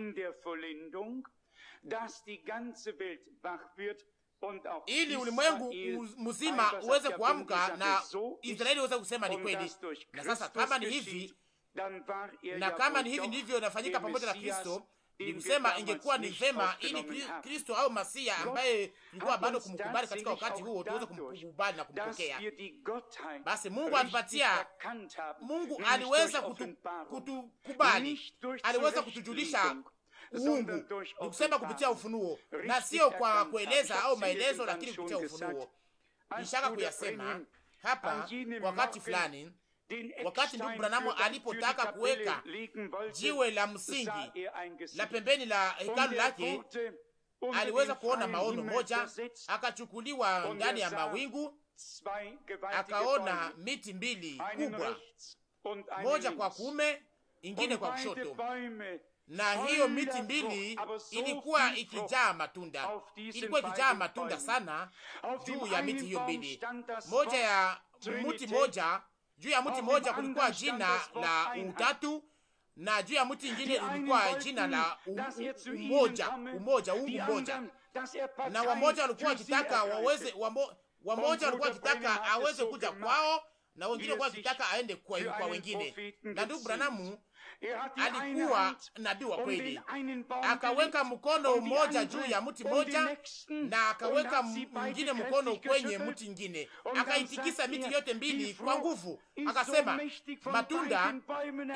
ili ulimwengu mzima uweze kuamka na Israeli uweze kusema ni kweli. Na sasa kama ni hivi na kama ni hivi ndivyo inafanyika pamoja na Kristo, ni kusema ingekuwa ni vema ili Kristo au Masia ambaye tulikuwa bado kumkubali katika wakati huo tuweze kumkubali na kumpokea. Basi Mungu alipatia, Mungu aliweza kutukubali, kutu aliweza kutujulisha Mungu, kusema kupitia ufunuo na sio kwa kueleza au maelezo, lakini kupitia ufunuo. Nishaka kuyasema hapa wakati fulani, wakati ndugu Branamu alipotaka kuweka jiwe la msingi e la pembeni la hekalu lake, aliweza kuona maono moja, akachukuliwa ndani ya mawingu, akaona miti mbili kubwa, moja kwa kuume, ingine kwa kushoto na hiyo miti mbili ilikuwa ikijaa matunda, ilikuwa ikijaa matunda sana juu ya miti hiyo mbili. Moja ya mti moja, juu ya mti moja kulikuwa jina la utatu, na juu ya mti ingine ilikuwa jina la umoja, umoja, umoja. Na wamoja walikuwa wakitaka waweze, wamoja walikuwa wakitaka aweze kuja kwao, na wengine walikuwa wakitaka aende kwa wengine. Na ndugu Branamu alikuwa nabii wa kweli, akaweka mkono mmoja juu ya mti mmoja mm, na akaweka mwingine mkono kwenye mti mwingine, akaitikisa miti yote mbili kwa nguvu, akasema matunda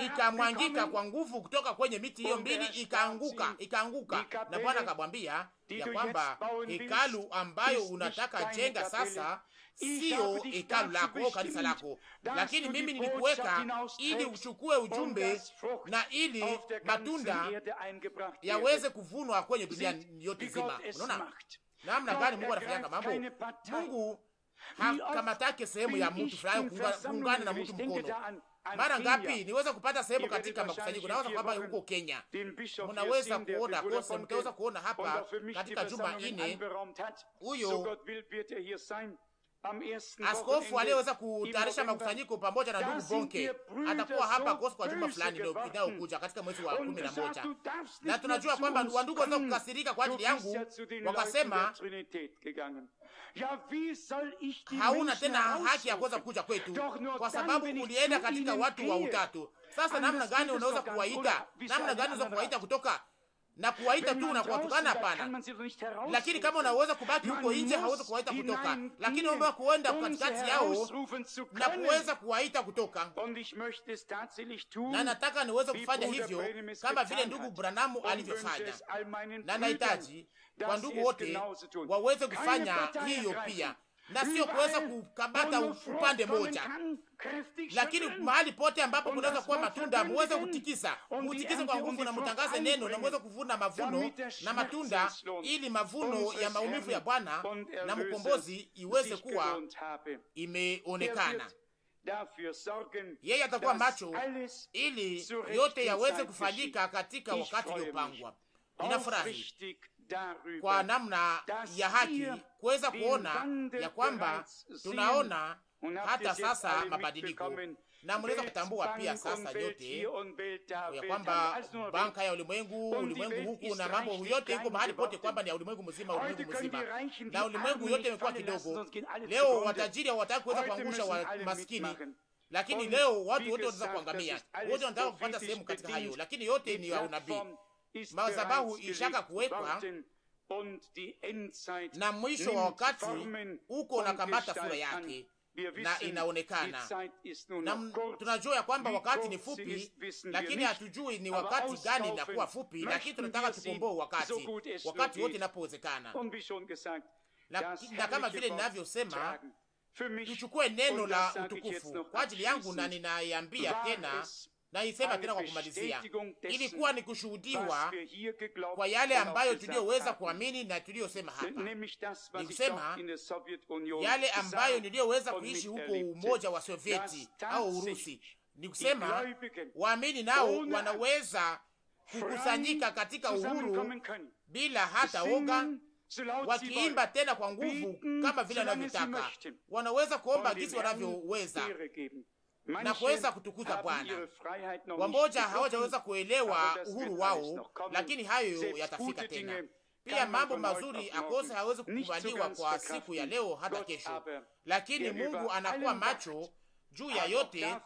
ikamwangika kwa nguvu kutoka kwenye miti hiyo mbili, ikaanguka ikaanguka. Na Bwana akamwambia ya kwamba hekalu ambayo unataka jenga sasa siyo hekalu lako, kanisa lako, lakini mimi nilikuweka ili uchukue ujumbe na ili matunda yaweze kuvunwa kwenye dunia yote nzima. Unaona namna gani Mungu anafanyaka mambo? Mungu hakamatake sehemu ya mtu fulani kuungana na mtu mkono. Mara ngapi niweza kupata sehemu katika makusanyiko? Naweza kwamba huko Kenya mnaweza kuona kosa, mtaweza kuona hapa katika juma ine huyo Askofu aliyeweza kutayarisha makusanyiko pamoja na ndugu Bonke atakuwa hapa Gospel kwa juma fulani inayokuja katika mwezi wa kumi na moja, na tunajua kwamba wandugu waweza kukasirika kwa ajili yangu, wakasema hauna tena haki ya kuweza kuja kwetu kwa sababu ulienda katika watu wa utatu. Sasa namna gani unaweza kuwaita, namna gani unaweza kuwaita kutoka na kuwaita tu na kuwatukana, hapana. Lakini kama unaweza kubaki huko nje, hauwezi kuwaita kutoka, lakini omba kuenda um katikati yao na kuweza kuwaita kutoka. Na nataka niweze kufanya hivyo kama vile ndugu Branamu alivyofanya, na nahitaji kwa ndugu wote waweze kufanya hiyo pia na sio kuweza kukabata upande moja, lakini mahali pote ambapo kunaweza kuwa matunda, muweze kutikisa, mutikize kwa nguvu na mutangaze neno na muweze kuvuna mavuno na matunda, ili mavuno ya maumivu ya Bwana na mkombozi iweze kuwa imeonekana. Yeye atakuwa macho ili yote yaweze kufanyika katika wakati uliopangwa. Ninafurahi kwa namna ya haki kuweza kuona ya kwamba tunaona hata sasa mabadiliko na mliweza kutambua pia sasa yote ya kwamba banka ya ulimwengu ulimwengu huku na mambo yote iko mahali pote, kwamba ni ya ulimwengu mzima, ulimwengu mzima na ulimwengu yote imekuwa kidogo. Leo watajiri hawataka kuweza kuangusha wa maskini, lakini leo watu wote wanaweza kuangamia, wote wanataka kupata sehemu katika hayo, lakini yote ni ya unabii madhabahu ishaka kuwekwa na mwisho wa wakati uko unakamata sura yake na inaonekana na tunajua ya kwamba wakati ni fupi, lakini hatujui ni wakati gani inakuwa fupi, lakini tunataka tukomboe wakati wakati wote inapowezekana. Na kama vile ninavyosema, tuchukue neno la utukufu kwa ajili yangu, na ninaiambia tena isema tena kwa kumalizia, ilikuwa ni kushuhudiwa kwa yale ambayo tuliyoweza kuamini na tuliyosema hapa, yale ambayo niliyoweza kuishi huko umoja wa Sovieti au Urusi, ni kusema waamini nao wanaweza kukusanyika katika uhuru bila hata oga wakiimba tena kwa nguvu kama vile wanavyotaka, wanaweza kuomba jinsi wanavyoweza na kuweza kutukuza Bwana. Wamoja hawajaweza kuelewa uhuru wao, lakini hayo yatafika tena. Pia mambo mazuri akose hawezi kukubaliwa kwa siku ya leo hata kesho, lakini Mungu anakuwa macho juu ya yote.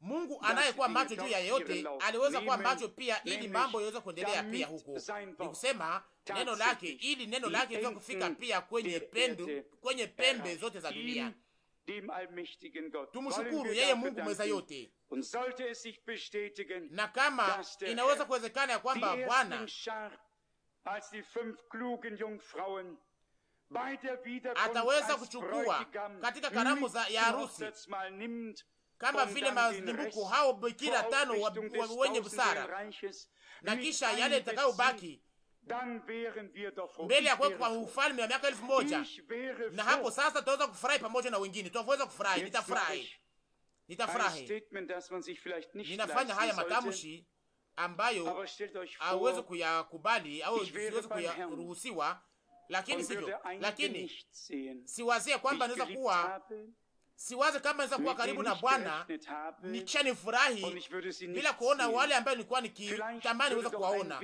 Mungu anayekuwa macho juu ya yote aliweza kuwa macho pia, ili mambo yaweze kuendelea pia huko, ni kusema neno lake, ili neno lake liweze kufika pia kwenye pembe, kwenye pembe zote za dunia Tumshukuru yeye Mungu mweza yote. Na kama inaweza kuwezekana ya kwamba Bwana ataweza kuchukua katika karamu za ya harusi kama vile mazimbuku hao bikira tano wenye busara, na kisha yale itakayobaki mbele ya kuwepo kwa ufalme wa miaka elfu moja na hapo sasa tutaweza kufurahi pamoja na wengine, tutaweza kufurahi. Nitafurahi, nitafurahi. Ninafanya haya matamshi ambayo hawezi kuyakubali au siwezi kuyaruhusiwa, lakini sivyo, lakini siwazie kwamba naweza kuwa siwaze kama naweza kuwa karibu na Bwana nichanifurahi bila kuona wale ambayo nilikuwa nikitamani niweza kuwaona,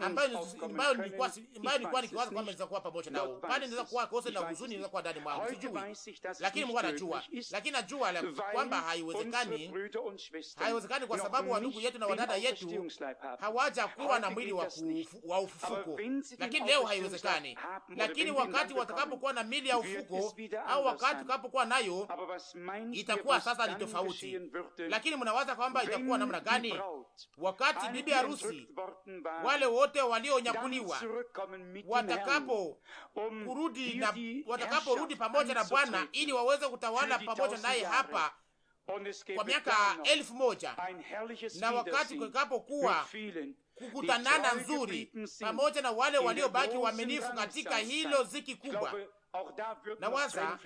ambayo nilikuwa nikiwaza kwamba naweza kuwa pamoja nao, pale naweza kuwa kose na huzuni, naweza kuwa ndani mwangu, sijui, lakini Mungu anajua. Lakini najua kwamba haiwezekani, haiwezekani kwa sababu wandugu yetu na wadada yetu hawaja kuwa na mwili wa ufufuko, lakini leo haiwezekani. Lakini wakati watakapokuwa na mwili ya ufuko au wakati utakapokuwa nayo itakuwa sasa ni tofauti, lakini mnawaza kwamba itakuwa namna gani wakati bibi harusi wale wote walionyakuliwa watakapo um kurudi na watakaporudi pamoja na Bwana ili waweze kutawala pamoja naye hapa kwa miaka elfu moja na wakati kuwa kukutanana nzuri pamoja na wale waliobaki waaminifu katika hilo ziki kubwa na waza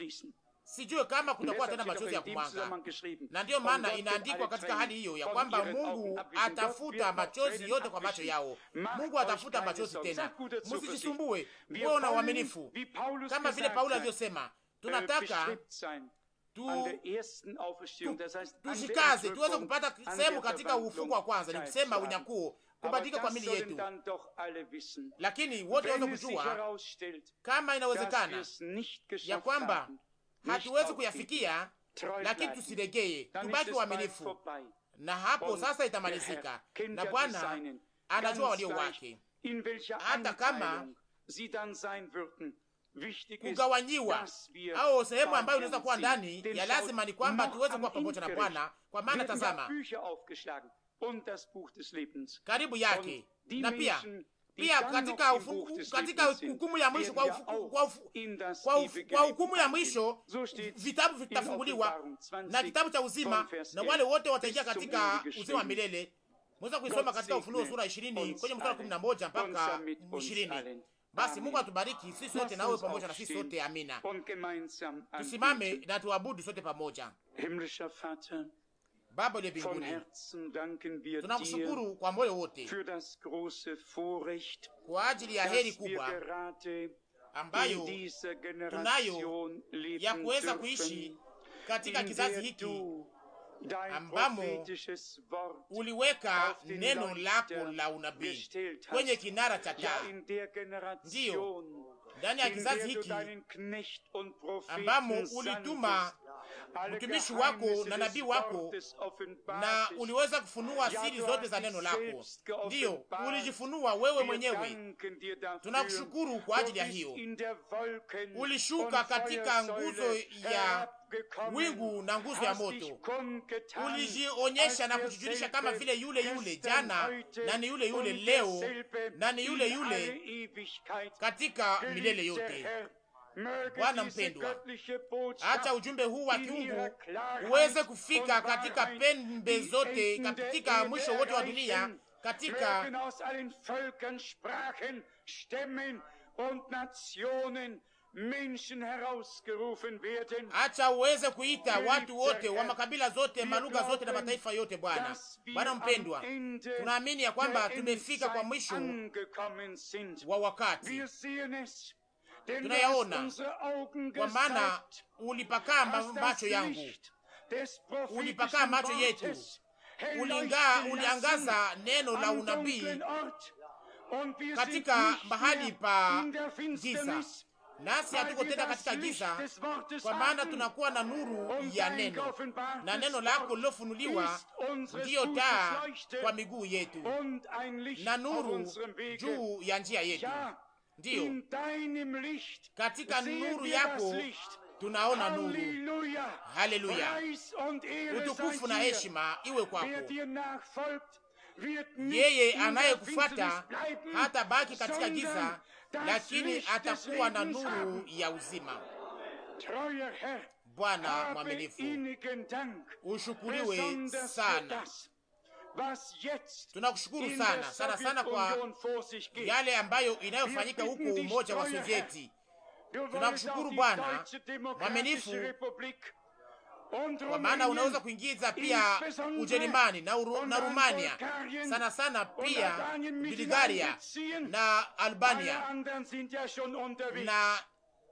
sijue kama kutakuwa tena machozi ya kumwanga. Na ndiyo maana inaandikwa katika hali hiyo ya kwamba Mungu atafuta machozi yote kwa macho yao. Mungu atafuta machozi tena, msijisumbue, muwe na uaminifu kama vile Paulo alivyosema, tunataka tujikaze tu, tuweze kupata sehemu katika ufungu wa kwanza, ni kusema unyakuo kubadilika kwa mili yetu, lakini wote waweze kujua kama inawezekana ya kwamba hatuwezi kuyafikia, lakini tusiregee, tubaki waaminifu, na hapo sasa itamalizika, na Bwana anajua walio wake, hata kama kugawanyiwa au sehemu ambayo unaweza kuwa ndani ya lazima ni kwamba tuweze kuwa pamoja na Bwana, kwa maana tazama karibu yake na pia pia katika katika hukumu ya mwisho kwa, kwa, kwa, hukumu ya mwisho vitabu vitafunguliwa na kitabu cha uzima, na wale wote wataingia katika uzima wa milele. Mweza kuisoma katika Ufunuo sura 20 kwenye mstari 11 mpaka 20. Basi Mungu atubariki sisi sote nawe pamoja na sisi sote amina. Tusimame na tuabudu sote pamoja. Baba uliye mbinguni, tunamshukuru kwa moyo wote kwa ajili ya heri kubwa ambayo tunayo ya kuweza kuishi katika kizazi hiki ambamo uliweka neno lako la unabii kwenye kinara cha taa. Ndiyo, ndani ya kizazi hiki ambamo ulituma mtumishi wako na nabii wako, na uliweza kufunua siri zote za neno lako. Ndiyo, ulijifunua wewe mwenyewe. Tunakushukuru kwa ajili ya hiyo. Ulishuka katika nguzo ya wingu na nguzo ya moto, ulijionyesha na kujijulisha kama vile yule yule jana na ni yule yule leo na ni yule yule katika milele yote. Bwana mpendwa, acha ujumbe huu wa kiungu uweze kufika katika pembe zote, katika mwisho wote wa dunia, katika acha uweze kuita watu wote wa makabila zote, malugha zote na mataifa yote. Bwana Bwana mpendwa, tunaamini ya kwamba tumefika kwa mwisho wa wakati tunayaona, kwa maana ulipakaa macho yangu, ulipakaa macho yetu, ulingaa, uliangaza neno la unabii katika mahali pa giza, nasi hatuko tena katika giza, kwa maana tunakuwa na nuru ya neno, na neno lako lilofunuliwa ndiyo taa kwa miguu yetu na nuru juu ya njia yetu. Ndiyo, katika nuru yako tunaona nuru. Haleluya, utukufu na heshima iwe kwako. Yeye anayekufuata hata baki katika giza, lakini atakuwa na nuru ya uzima. Bwana mwaminifu, ushukuriwe sana Tunakushukuru sana sana sana kwa yale ambayo inayofanyika huku Umoja wa Sovieti. Tunakushukuru Bwana mwaminifu, kwa maana unaweza kuingiza pia Ujerumani na, na Rumania sana sana pia Bulgaria na Albania na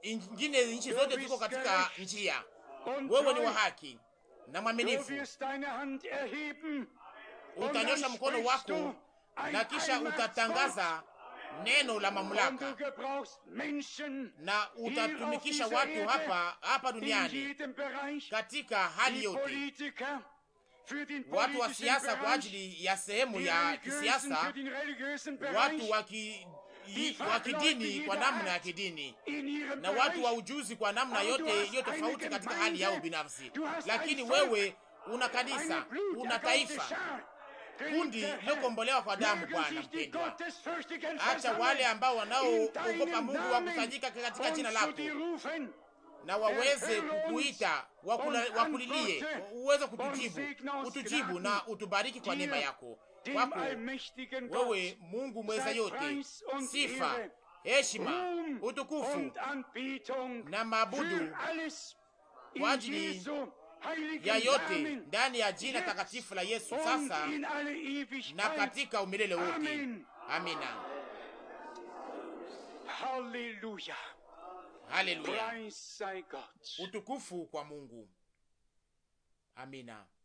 ingine nchi zote ziko katika njia. Wewe ni wa haki na mwaminifu utanyosha mkono wako na kisha utatangaza neno la mamlaka na utatumikisha watu hapa hapa duniani katika hali yote, watu wa siasa kwa ajili ya sehemu ya kisiasa, watu wa ki wa kidini kwa namna ya kidini na watu wa ujuzi kwa namna yote hiyo tofauti katika hali yao binafsi, lakini wewe una kanisa, una taifa kundi lililokombolewa kwa damu. Bwana mpendwa, acha wale ambao wanaoogopa Mungu wakusanyika katika jina lako na waweze kukuita wakulilie, uweze kutujibu, utujibu na utubariki kwa neema yako wako wewe, Mungu mweza yote, sifa, heshima, utukufu na mabudu kwa ajili ya yote ndani ya jina takatifu la Yesu sasa na katika umilele wote. Amina. Haleluya. Haleluya. Utukufu kwa Mungu. Amina.